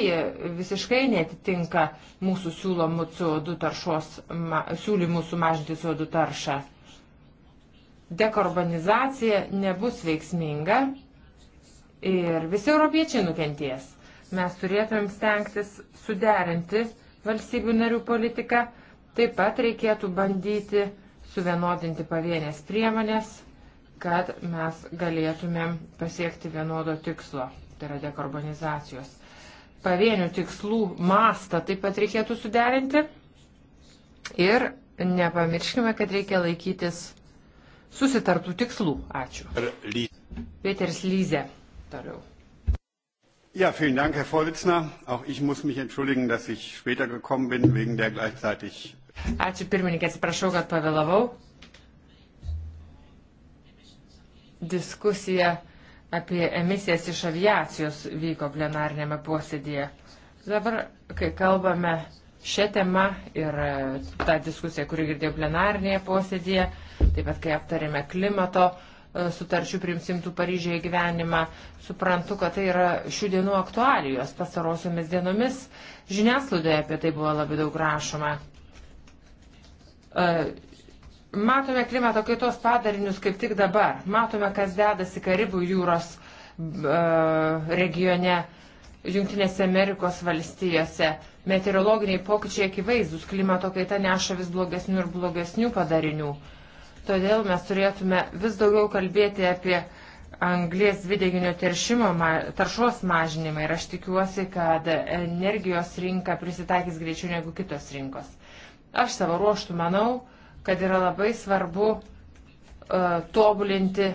visiškai netitinka mūsų siūlomų CO2 taršos, siūlymų sumažinti CO2 taršą dekarbonizacija nebus veiksminga ir visi europiečiai nukenties. Mes turėtumėm stengtis suderinti valstybių narių politiką, taip pat reikėtų bandyti suvienodinti pavienės priemonės, kad mes galėtumėm pasiekti vienodo tikslo, tai yra dekarbonizacijos. Pavienių tikslų mastą taip pat reikėtų suderinti ir nepamirškime, kad reikia laikytis susitartų tikslų. Ačiū. Peters Lyze. Toliau. Ja, vielen Dank, Herr Vorsitzender. Auch ich muss mich entschuldigen, dass ich später gekommen bin, wegen der gleichzeitig. Ačiū pirmininkė, atsiprašau, kad pavėlavau. Diskusija apie emisijas iš aviacijos vyko plenarnėme posėdėje. Dabar, kai kalbame šią temą ir e, tą diskusiją, kurį girdėjau plenarnėje posėdėje, Taip pat, kai aptarėme klimato e, sutarčių primsimtų Paryžėje gyvenimą, suprantu, kad tai yra šių dienų aktualijos. Pastarosiomis dienomis žiniasklaidoje apie tai buvo labai daug rašoma. E, Matome klimato kaitos padarinius kaip tik dabar. Matome, kas dedasi Karibų jūros e, regione, Junktinėse Amerikos valstijose. Meteorologiniai pokyčiai akivaizdus, klimato kaita neša vis blogesnių ir blogesnių padarinių. Todėl mes turėtume vis daugiau kalbėti apie anglės dvideginio teršimo, taršos mažinimą ir aš tikiuosi, kad energijos rinka prisitaikys greičiau negu kitos rinkos. Aš savo ruoštų manau, kad yra labai svarbu uh, tobulinti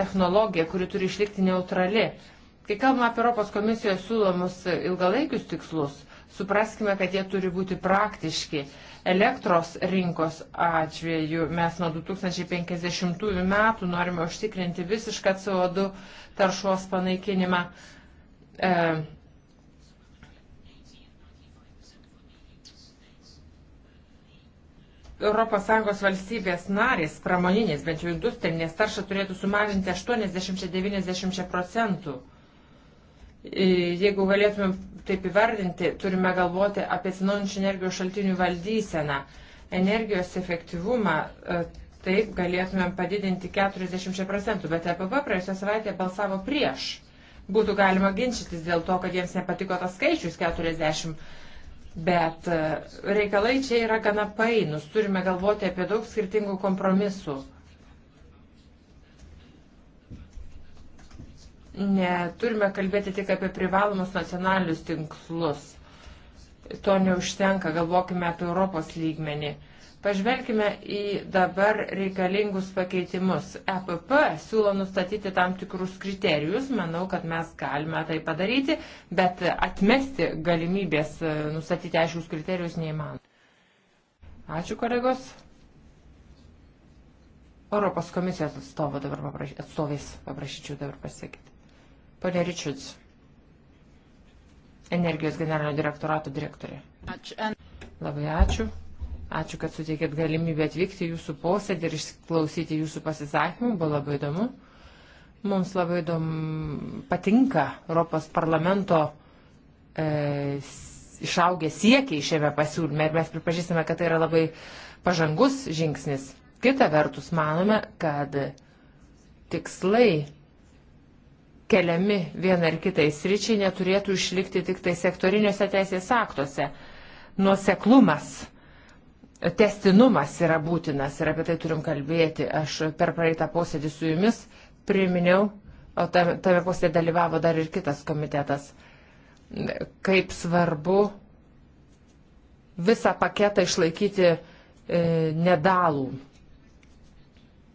technologiją, kuri turi išlikti neutrali. Kai kalbame apie Europos komisijos siūlomus ilgalaikius tikslus, Supraskime, kad jie turi būti praktiški. Elektros rinkos atveju mes nuo 2050 metų norime užtikrinti visišką CO2 taršos panaikinimą. E, ES valstybės narės, pramoninės, bent jau industrinės taršą turėtų sumažinti 80-90 procentų. Jeigu galėtumėm taip įvardinti, turime galvoti apie atsinaujinčių energijos šaltinių valdyseną, energijos efektyvumą, e, taip galėtumėm padidinti 40 procentų, bet EPP praėjusią savaitę balsavo prieš. Būtų galima ginčytis dėl to, kad jiems nepatiko tas skaičius 40, bet e, reikalai čia yra gana painus, turime galvoti apie daug skirtingų kompromisų. neturime kalbėti tik apie privalomus nacionalinius tinklus. To neužtenka, galvokime apie Europos lygmenį. Pažvelkime į dabar reikalingus pakeitimus. EPP siūlo nustatyti tam tikrus kriterijus, manau, kad mes galime tai padaryti, bet atmesti galimybės nustatyti aiškius kriterijus neįmanoma. Ačiū, kolegos. Europos komisijos atstovo dabar paprašy, atstovės paprašyčiau dabar pasakyti. Pone Ričiuds, energijos generalinio direktorato direktorė. Ačiū. Labai ačiū. Ačiū, kad suteikėt galimybę atvykti jūsų posėdį ir išklausyti jūsų pasisakymų. Buvo labai įdomu. Mums labai įdomu patinka Europos parlamento e, išaugę siekiai šiame pasiūlyme ir mes pripažįstame, kad tai yra labai pažangus žingsnis. Kita vertus, manome, kad tikslai keliami vieną ar kitai sričiai neturėtų išlikti tik tai sektoriniuose teisės aktuose. Nuoseklumas, testinumas yra būtinas ir apie tai turim kalbėti. Aš per praeitą posėdį su jumis priminiau, o tame, tame posėdė dalyvavo dar ir kitas komitetas, kaip svarbu visą paketą išlaikyti e, nedalų.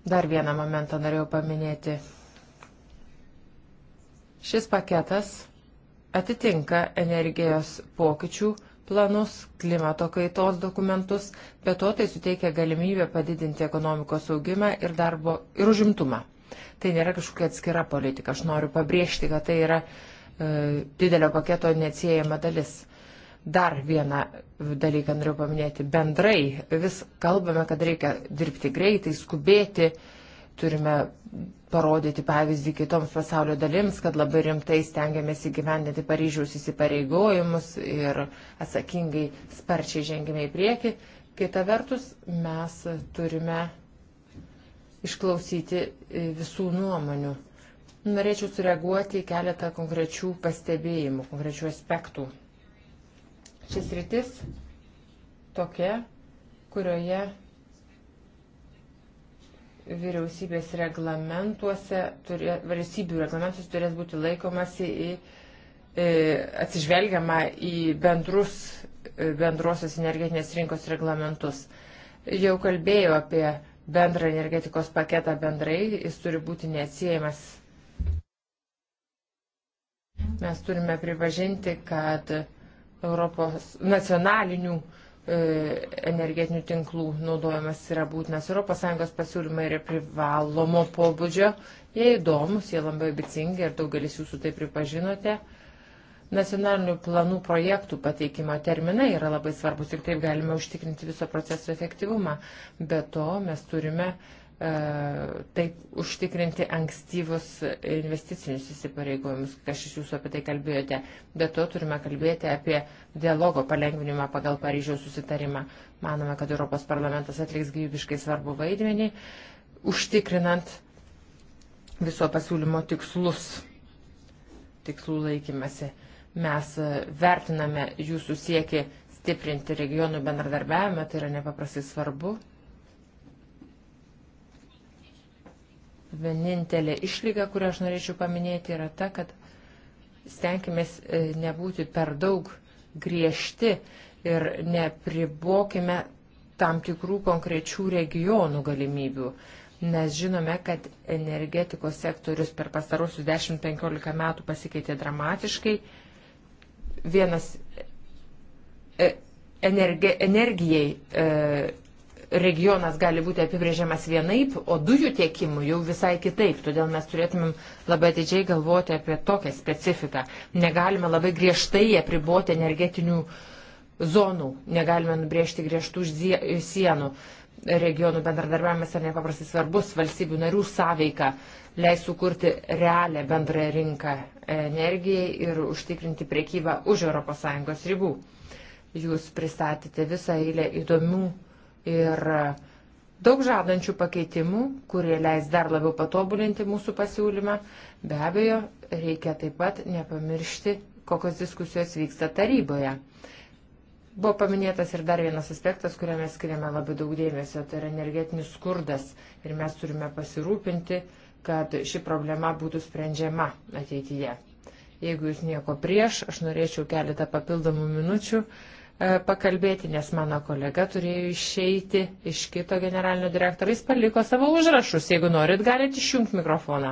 Dar vieną momentą norėjau paminėti Šis paketas atitinka energijos pokyčių planus, klimato kaitos dokumentus, bet to tai suteikia galimybę padidinti ekonomikos augimą ir, darbo, ir užimtumą. Tai nėra kažkokia atskira politika. Aš noriu pabrėžti, kad tai yra e, didelio paketo neatsiejama dalis. Dar vieną dalyką noriu paminėti. Bendrai vis kalbame, kad reikia dirbti greitai, skubėti, e, turime parodyti pavyzdį kitoms pasaulio dalims, kad labai rimtai stengiamės įgyvendinti Paryžiaus įsipareigojimus ir atsakingai sparčiai žengime į priekį. Kita vertus, mes turime išklausyti e, visų nuomonių. Norėčiau sureaguoti į keletą konkrečių pastebėjimų, konkrečių aspektų. Šis rytis tokia, kurioje vyriausybės reglamentuose, turė, vyriausybių reglamentuose turės būti laikomasi į, į, e, atsižvelgiama į bendrus, e, bendrosios energetinės rinkos reglamentus. Jau kalbėjau apie bendrą energetikos paketą bendrai, jis turi būti neatsiejamas. Mes turime pripažinti, kad Europos nacionalinių uh, E, energetinių tinklų naudojimas yra būtinas. ES pasiūlymai yra privalomo pobūdžio. Jie įdomus, jie labai ambicingi ir daugelis jūsų tai pripažinote. Nacionalinių planų projektų pateikimo terminai yra labai svarbus ir taip galime užtikrinti viso proceso efektyvumą. Be to mes turime E, taip užtikrinti ankstyvus investicinius įsipareigojimus, kas iš jūsų apie tai kalbėjote. Be to turime kalbėti apie dialogo palengvinimą pagal Paryžiaus susitarimą. Manome, kad Europos parlamentas atliks gyvybiškai svarbu vaidmenį, užtikrinant viso pasiūlymo tikslus, tikslų laikymasi. Mes vertiname jūsų siekį stiprinti regionų bendradarbiavimą, tai yra nepaprastai svarbu Vienintelė išlyga, kurią aš norėčiau paminėti, yra ta, kad stenkimės e, nebūti per daug griežti ir nepribokime tam tikrų konkrečių regionų galimybių. Nes žinome, kad energetikos sektorius per pastarosius 10-15 metų pasikeitė dramatiškai. Vienas e, e, energi, energijai e, regionas gali būti apibrėžiamas vienaip, o dujų tiekimų jau visai kitaip. Todėl mes turėtumėm labai atidžiai galvoti apie tokią specifiką. Negalime labai griežtai apriboti energetinių zonų, negalime nubrėžti griežtų sienų. Regionų bendradarbiavimas yra nepaprastai svarbus, valstybių narių sąveika leis sukurti realią bendrąją rinką energijai ir užtikrinti priekybą už ES ribų. Jūs pristatėte visą eilę įdomių ir daug žadančių pakeitimų, kurie leis dar labiau patobulinti mūsų pasiūlymą. Be abejo, reikia taip pat nepamiršti, kokios diskusijos vyksta taryboje. Buvo paminėtas ir dar vienas aspektas, kuriame skiriame labai daug dėmesio, tai yra energetinis skurdas. Ir mes turime pasirūpinti, kad ši problema būtų sprendžiama ateityje. Jeigu jūs nieko prieš, aš norėčiau keletą papildomų minučių E, pakalbėti, nes mano kolega turėjo išeiti iš kito generalinio direktorio. Jis paliko savo užrašus. Jeigu norit, galite išjungti mikrofoną.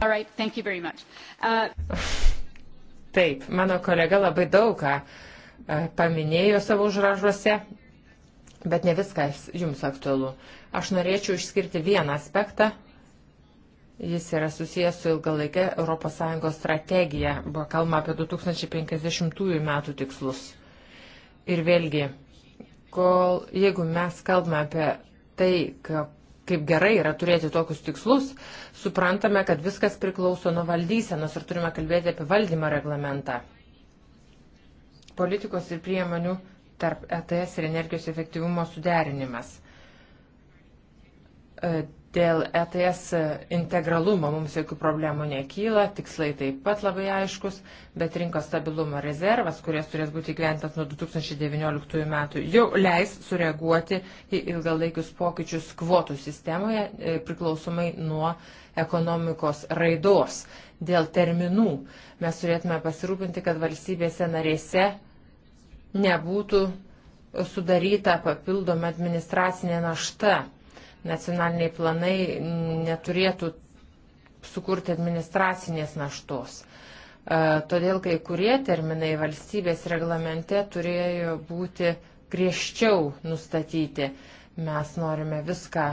Right, uh... Taip, mano kolega labai daug ką e, paminėjo savo užrašuose, bet ne viskas jums aktualu. Aš norėčiau išskirti vieną aspektą. Jis yra susijęs su ilgalaikė ES strategija. Buvo kalba apie 2050 metų tikslus. Ir vėlgi, kol, jeigu mes kalbame apie tai, kaip gerai yra turėti tokius tikslus, suprantame, kad viskas priklauso nuo valdysenos ir turime kalbėti apie valdymo reglamentą. Politikos ir priemonių tarp ETS ir energijos efektyvumo suderinimas e, Dėl ETS integralumo mums jokių problemų nekyla, tikslai taip pat labai aiškus, bet rinkos stabilumo rezervas, kuris turės būti gyventas nuo 2019 metų, jau leis sureaguoti į ilgalaikius pokyčius kvotų sistemoje e, priklausomai nuo ekonomikos raidos. Dėl terminų mes turėtume pasirūpinti, kad valstybėse narėse nebūtų sudaryta papildoma administracinė našta Nacionaliniai planai neturėtų sukurti administracinės naštos. E, todėl kai kurie terminai valstybės reglamente turėjo būti griežčiau nustatyti. Mes norime viską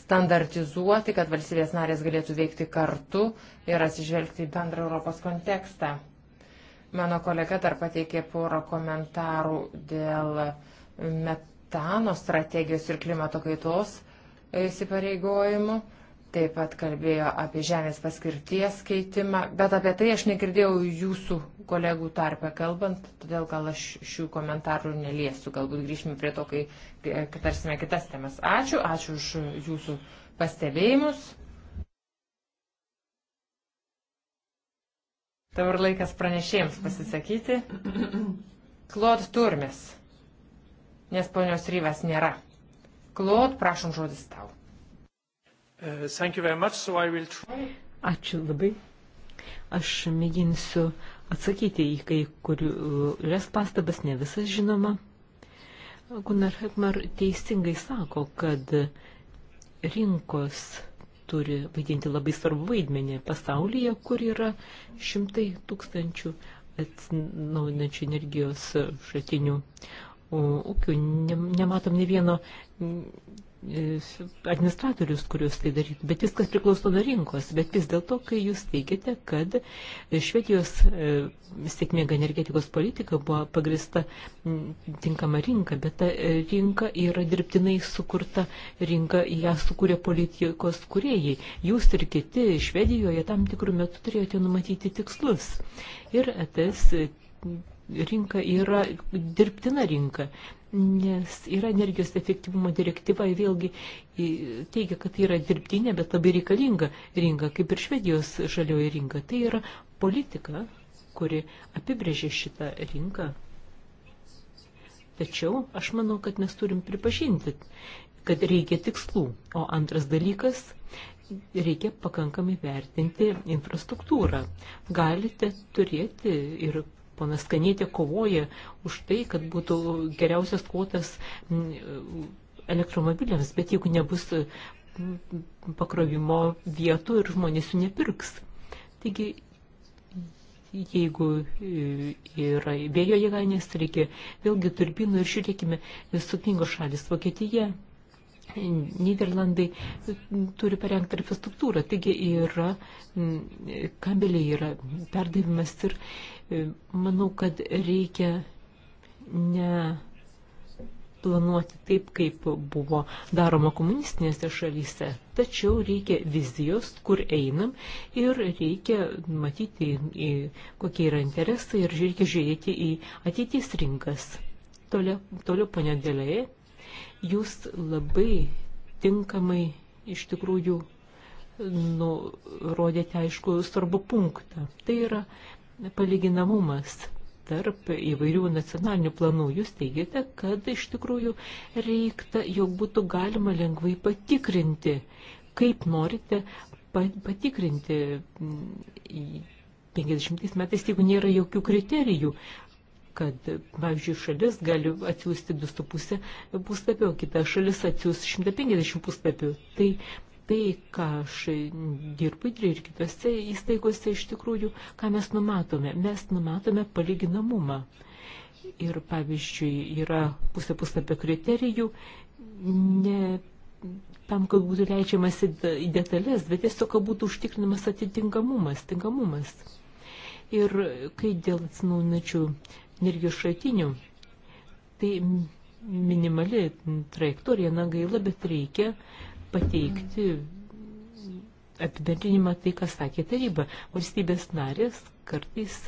standartizuoti, kad valstybės narės galėtų veikti kartu ir atsižvelgti į bendrą Europos kontekstą. Mano kolega dar pateikė porą komentarų dėl metano strategijos ir klimato kaitos. Uh, įsipareigojimų, taip pat kalbėjo apie žemės paskirties keitimą, bet apie tai aš negirdėjau jūsų kolegų tarpę kalbant, todėl gal aš šių komentarų neliesiu, galbūt grįžime prie to, kai tarsime kitas temas. Ačiū, ačiū už jūsų pastebėjimus. Dabar laikas pranešėjams pasisakyti. Klod Turmes, nes ponios Ryvas nėra. Klod, prašom žodis tau. Uh, much, so try... Ačiū labai. Aš mėginsiu atsakyti į kai kurias pastabas, ne visas žinoma. Gunnar Hekmar teisingai sako, kad rinkos turi vaidinti labai svarbu vaidmenį pasaulyje, kur yra šimtai tūkstančių atsinaujinančių energijos šaltinių ūkių nematom ne vieno e, administratorius, kuriuos tai darytų, bet viskas priklauso nuo rinkos. Bet vis dėlto, kai jūs teigiate, kad Švedijos e, sėkminga energetikos politika buvo pagrista tinkama rinka, bet ta e, rinka yra dirbtinai sukurta rinka, ją sukūrė politikos kuriejai. Jūs ir kiti Švedijoje tam tikrų metų turėjote numatyti tikslus. Ir tas rinka yra dirbtina rinka, nes yra energijos efektyvumo direktyva, vėlgi teigia, kad tai yra dirbtinė, bet labai reikalinga rinka, kaip ir Švedijos žalioji rinka. Tai yra politika, kuri apibrėžė šitą rinką. Tačiau aš manau, kad mes turim pripažinti, kad reikia tikslų. O antras dalykas reikia pakankamai vertinti infrastruktūrą. Galite turėti ir ponas Kanietė kovoja už tai, kad būtų geriausias kvotas elektromobiliams, bet jeigu nebus pakrovimo vietų ir žmonės jų nepirks. Taigi, jeigu e, yra vėjo jėgainės, reikia vėlgi turbinų ir žiūrėkime, sutningos šalis Vokietija Niderlandai turi parengti infrastruktūrą, taigi yra kabeliai, yra perdavimas ir e, manau, kad reikia ne planuoti taip, kaip buvo daroma komunistinėse šalyse. Tačiau reikia vizijos, kur einam ir reikia matyti, į, kokie yra interesai ir reikia žiūrėti į ateities rinkas. Toliau, toliau ponia Dėlėje, jūs labai tinkamai iš tikrųjų nurodėte aišku svarbu punktą. Tai yra palyginamumas tarp įvairių nacionalinių planų. Jūs teigiate, kad iš tikrųjų reikta, jog būtų galima lengvai patikrinti, kaip norite patikrinti 50 mm, metais, jeigu nėra jokių kriterijų, kad, pavyzdžiui, šalis gali atsiųsti 2,5 puslapio, kita šalis atsiųs 150 puslapių. Tai tai, ką aš dirbu ir kitose įstaigose, iš tikrųjų, ką mes numatome. Mes numatome palyginamumą. Ir, pavyzdžiui, yra pusė puslapio kriterijų, ne tam, kad būtų leidžiamas į detalės, bet tiesiog, kad būtų užtikrinamas atitinkamumas, tinkamumas. Ir kai dėl atsinaujinačių energijos šaltinių, tai minimali trajektorija, na gaila, bet reikia pateikti apibendrinimą tai, ką sakė taryba. Valstybės narės kartais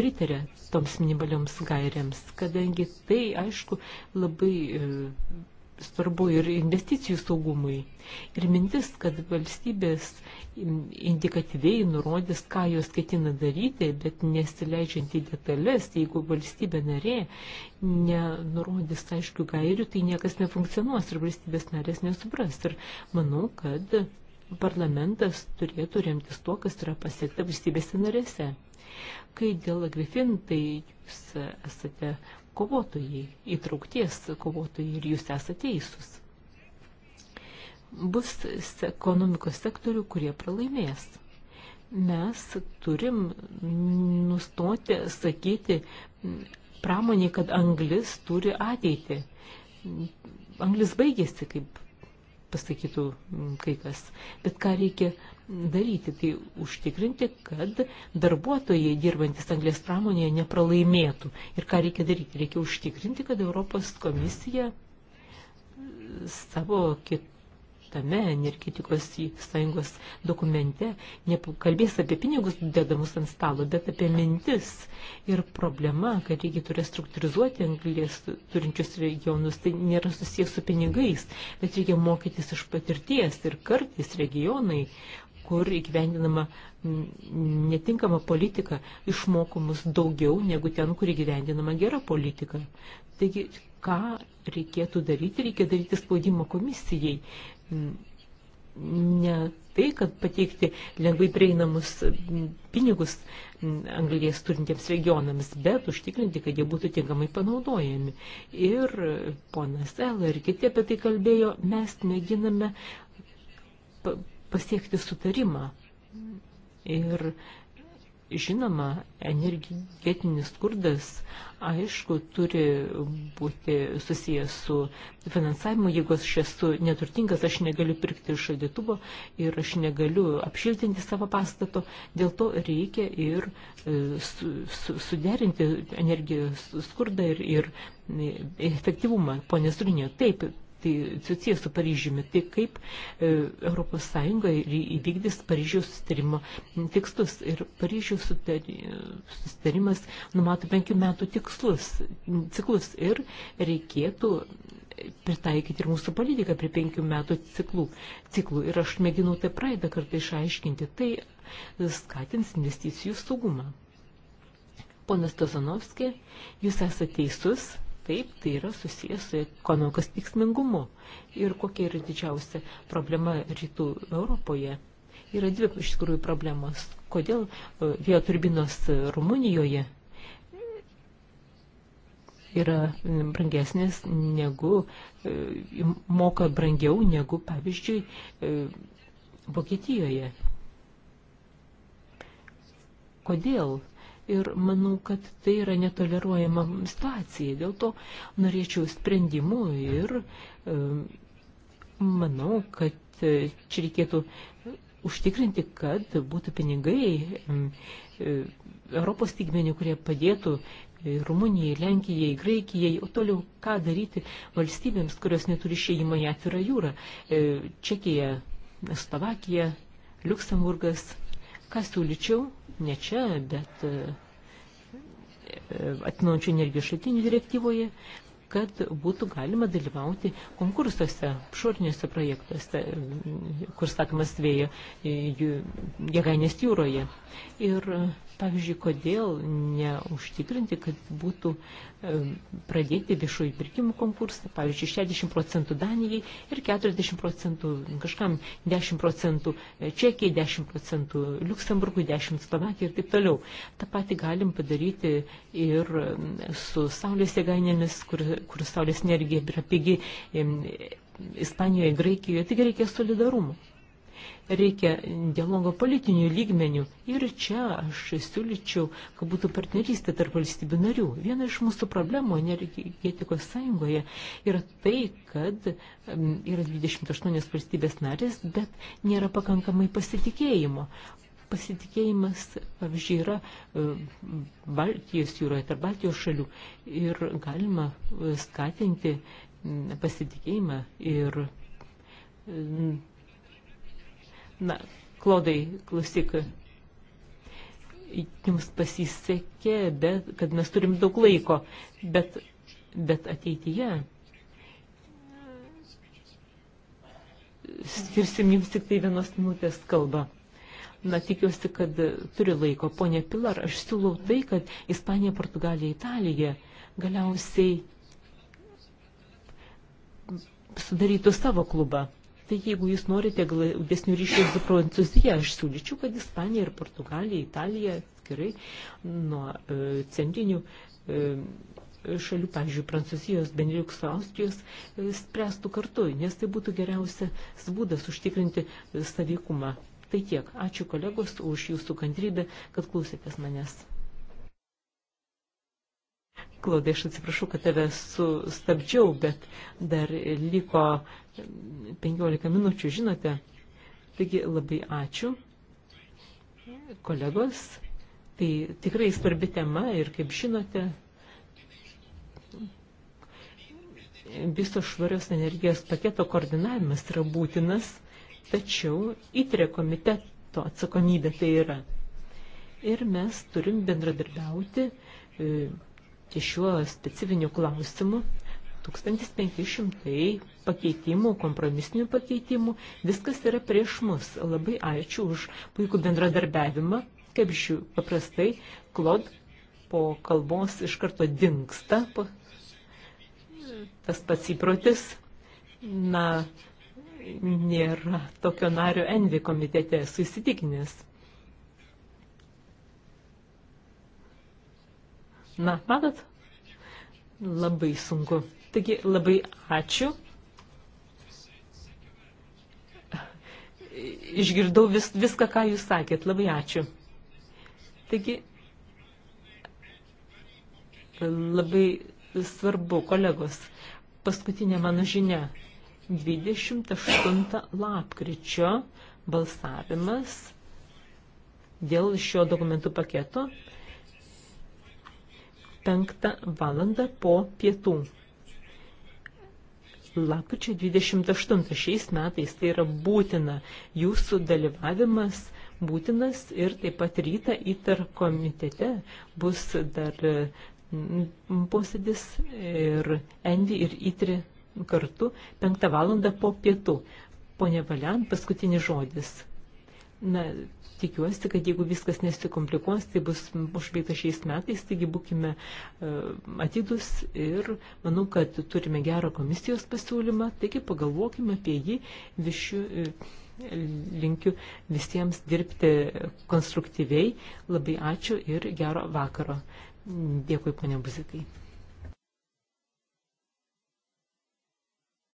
pritarė toms minimalioms gairiams, kadangi tai, aišku, labai svarbu ir investicijų saugumui. Ir mintis, kad valstybės indikatyviai nurodys, ką jos ketina daryti, bet nesileidžiant į detalės, jeigu valstybė narė nenurodys aiškių gairių, tai niekas nefunkcionuos ir valstybės narės nesupras. Ir manau, kad parlamentas turėtų remtis tuo, kas yra pasiekta valstybėse narėse. Kai dėl Agrifin, tai jūs esate kovotojai, įtraukties kovotojai ir jūs esate teisūs. Bus ekonomikos sektorių, kurie pralaimės. Mes turim nustoti sakyti pramonį, kad anglis turi ateitį. Anglis baigėsi, kaip pasakytų kai kas. Bet ką reikia daryti, tai užtikrinti, kad darbuotojai dirbantis anglės pramonėje nepralaimėtų. Ir ką reikia daryti? Reikia užtikrinti, kad Europos komisija savo kitame energetikos sąjungos dokumente nekalbės apie pinigus dedamus ant stalo, bet apie mintis ir problema, kad reikėtų restruktūrizuoti anglės turinčius regionus, tai nėra susijęs su pinigais, bet reikia mokytis iš patirties ir kartais regionai, kur įgyvendinama netinkama politika, išmokomus daugiau negu ten, kur įgyvendinama gera politika. Taigi, ką reikėtų daryti? Reikia daryti spaudimą komisijai. Ne tai, kad pateikti lengvai prieinamus pinigus anglės turintiems regionams, bet užtikrinti, kad jie būtų tinkamai panaudojami. Ir ponas Ela ir kiti apie tai kalbėjo, mes mėginame pasiekti sutarimą. Ir žinoma, energetinis skurdas, aišku, turi būti susijęs su finansavimu. Jeigu aš esu neturtingas, aš negaliu pirkti šaldytuvo ir aš negaliu apšiltinti savo pastato. Dėl to reikia ir e, su, su, suderinti energijos skurdą ir, ir e, efektyvumą. Pone Surinė, taip, tai susijęs su Paryžiumi, tai kaip ES įvykdys Paryžiaus sustarimo tikslus. Ir Paryžiaus sustarimas numato penkių metų tikslus, ciklus ir reikėtų pritaikyti ir mūsų politiką prie penkių metų ciklų. ciklų. Ir aš mėginau tai praeitą kartą išaiškinti, tai skatins investicijų saugumą. Ponas Tozanovski, jūs esate teisus, Taip, tai yra susijęs su ekonomikos tikslingumu. Ir kokia yra didžiausia problema rytų Europoje? Yra dvi iš tikrųjų problemos. Kodėl e, vėjo turbinos e, Rumunijoje yra brangesnės negu, e, moka brangiau negu, pavyzdžiui, Vokietijoje? Kodėl? ir manau, kad tai yra netoleruojama situacija. Dėl to norėčiau sprendimų ir manau, kad e, čia reikėtų užtikrinti, kad būtų pinigai e, Europos lygmenių, kurie padėtų Rumunijai, Lenkijai, Graikijai, o toliau ką daryti valstybėms, kurios neturi šeimą į atvirą jūrą. E, Čekija, Slovakija, Luksemburgas. Ką siūlyčiau, ne čia, bet e, e, atsinaujančių energijos šaltinių direktyvoje, kad būtų galima dalyvauti konkursuose, šortiniuose projektuose, kur statomas vėjo e, jėgainės jūroje. Ir Pavyzdžiui, kodėl neužtikrinti, kad būtų pradėti viešųjų pirkimų konkursą, pavyzdžiui, 60 procentų Danijai ir 40 procentų, kažkam 10 procentų e, Čekijai, 10 procentų Luksemburgui, 10 Slovakijai ir taip toliau. Ta pati galim padaryti ir su saulės jėgainėmis, kur, kur saulės energija yra pigi Ispanijoje, Graikijoje, tik reikia solidarumo reikia dialogo politinių lygmenių. Ir čia aš siūlyčiau, kad būtų partnerystė tarp valstybių narių. Viena iš mūsų problemų energetikos sąjungoje yra tai, kad yra 28 valstybės narės, bet nėra pakankamai pasitikėjimo pasitikėjimas, pavyzdžiui, yra Baltijos jūroje, tarp Baltijos šalių ir galima e, skatinti pasitikėjimą ir Na, Klodai, klausyk, jums pasisekė, bet, kad mes turim daug laiko, bet, bet ateityje skirsim jums tik tai vienos minutės kalbą. Na, tikiuosi, kad turi laiko. Pone Pilar, aš siūlau tai, kad Ispanija, Portugalija, Italija galiausiai sudarytų savo klubą. Tai jeigu jūs norite glaudesnių ryšių su Prancūzija, aš siūlyčiau, kad Ispanija ir Portugalija, Italija atskirai nuo e, centrinių e, šalių, pavyzdžiui, Prancūzijos, Beniliukso, Austrijos, e, spręstų kartu, nes tai būtų geriausias būdas užtikrinti savykumą. Tai tiek. Ačiū kolegos už jūsų kantrybę, kad klausėtės manęs. Klaudai, aš atsiprašau, kad tave sustabdžiau, bet dar liko 15 minučių, žinote. Taigi labai ačiū, kolegos. Tai tikrai svarbi tema ir kaip žinote, visos švarios energijos paketo koordinavimas yra būtinas, tačiau įtrė komiteto atsakomybė tai yra. Ir mes turim bendradarbiauti e, ties šiuo specifiniu klausimu 1500 pakeitimų, kompromisinių pakeitimų, viskas yra prieš mus. Labai ačiū už puikų bendradarbiavimą, kaip žiū, paprastai Klod po kalbos iš karto dinksta, po, tas pats įprotis, na, nėra tokio nario Envi komitete, esu įsitikinęs. Na, matot, labai sunku. Taigi labai ačiū. Išgirdau vis, viską, ką jūs sakėt. Labai ačiū. Taigi labai svarbu, kolegos, paskutinė mano žinia. 28 lapkričio balsavimas dėl šio dokumentų paketo 5 valandą po pietų lapkričio 28 šiais metais, tai yra būtina jūsų dalyvavimas būtinas ir taip pat ryta įtar komitete bus dar mm, posėdis ir Endi ir Itri kartu penktą valandą po pietų. Pone Valian, paskutinis žodis. Na, tikiuosi, kad jeigu viskas nesikomplikuos, tai bus užbaigta šiais metais, taigi būkime e, atidus ir manau, kad turime gerą komisijos pasiūlymą, taigi pagalvokime apie jį višių. E, linkiu visiems dirbti konstruktyviai. Labai ačiū ir gero vakaro. Dėkui, ponia Buzikai.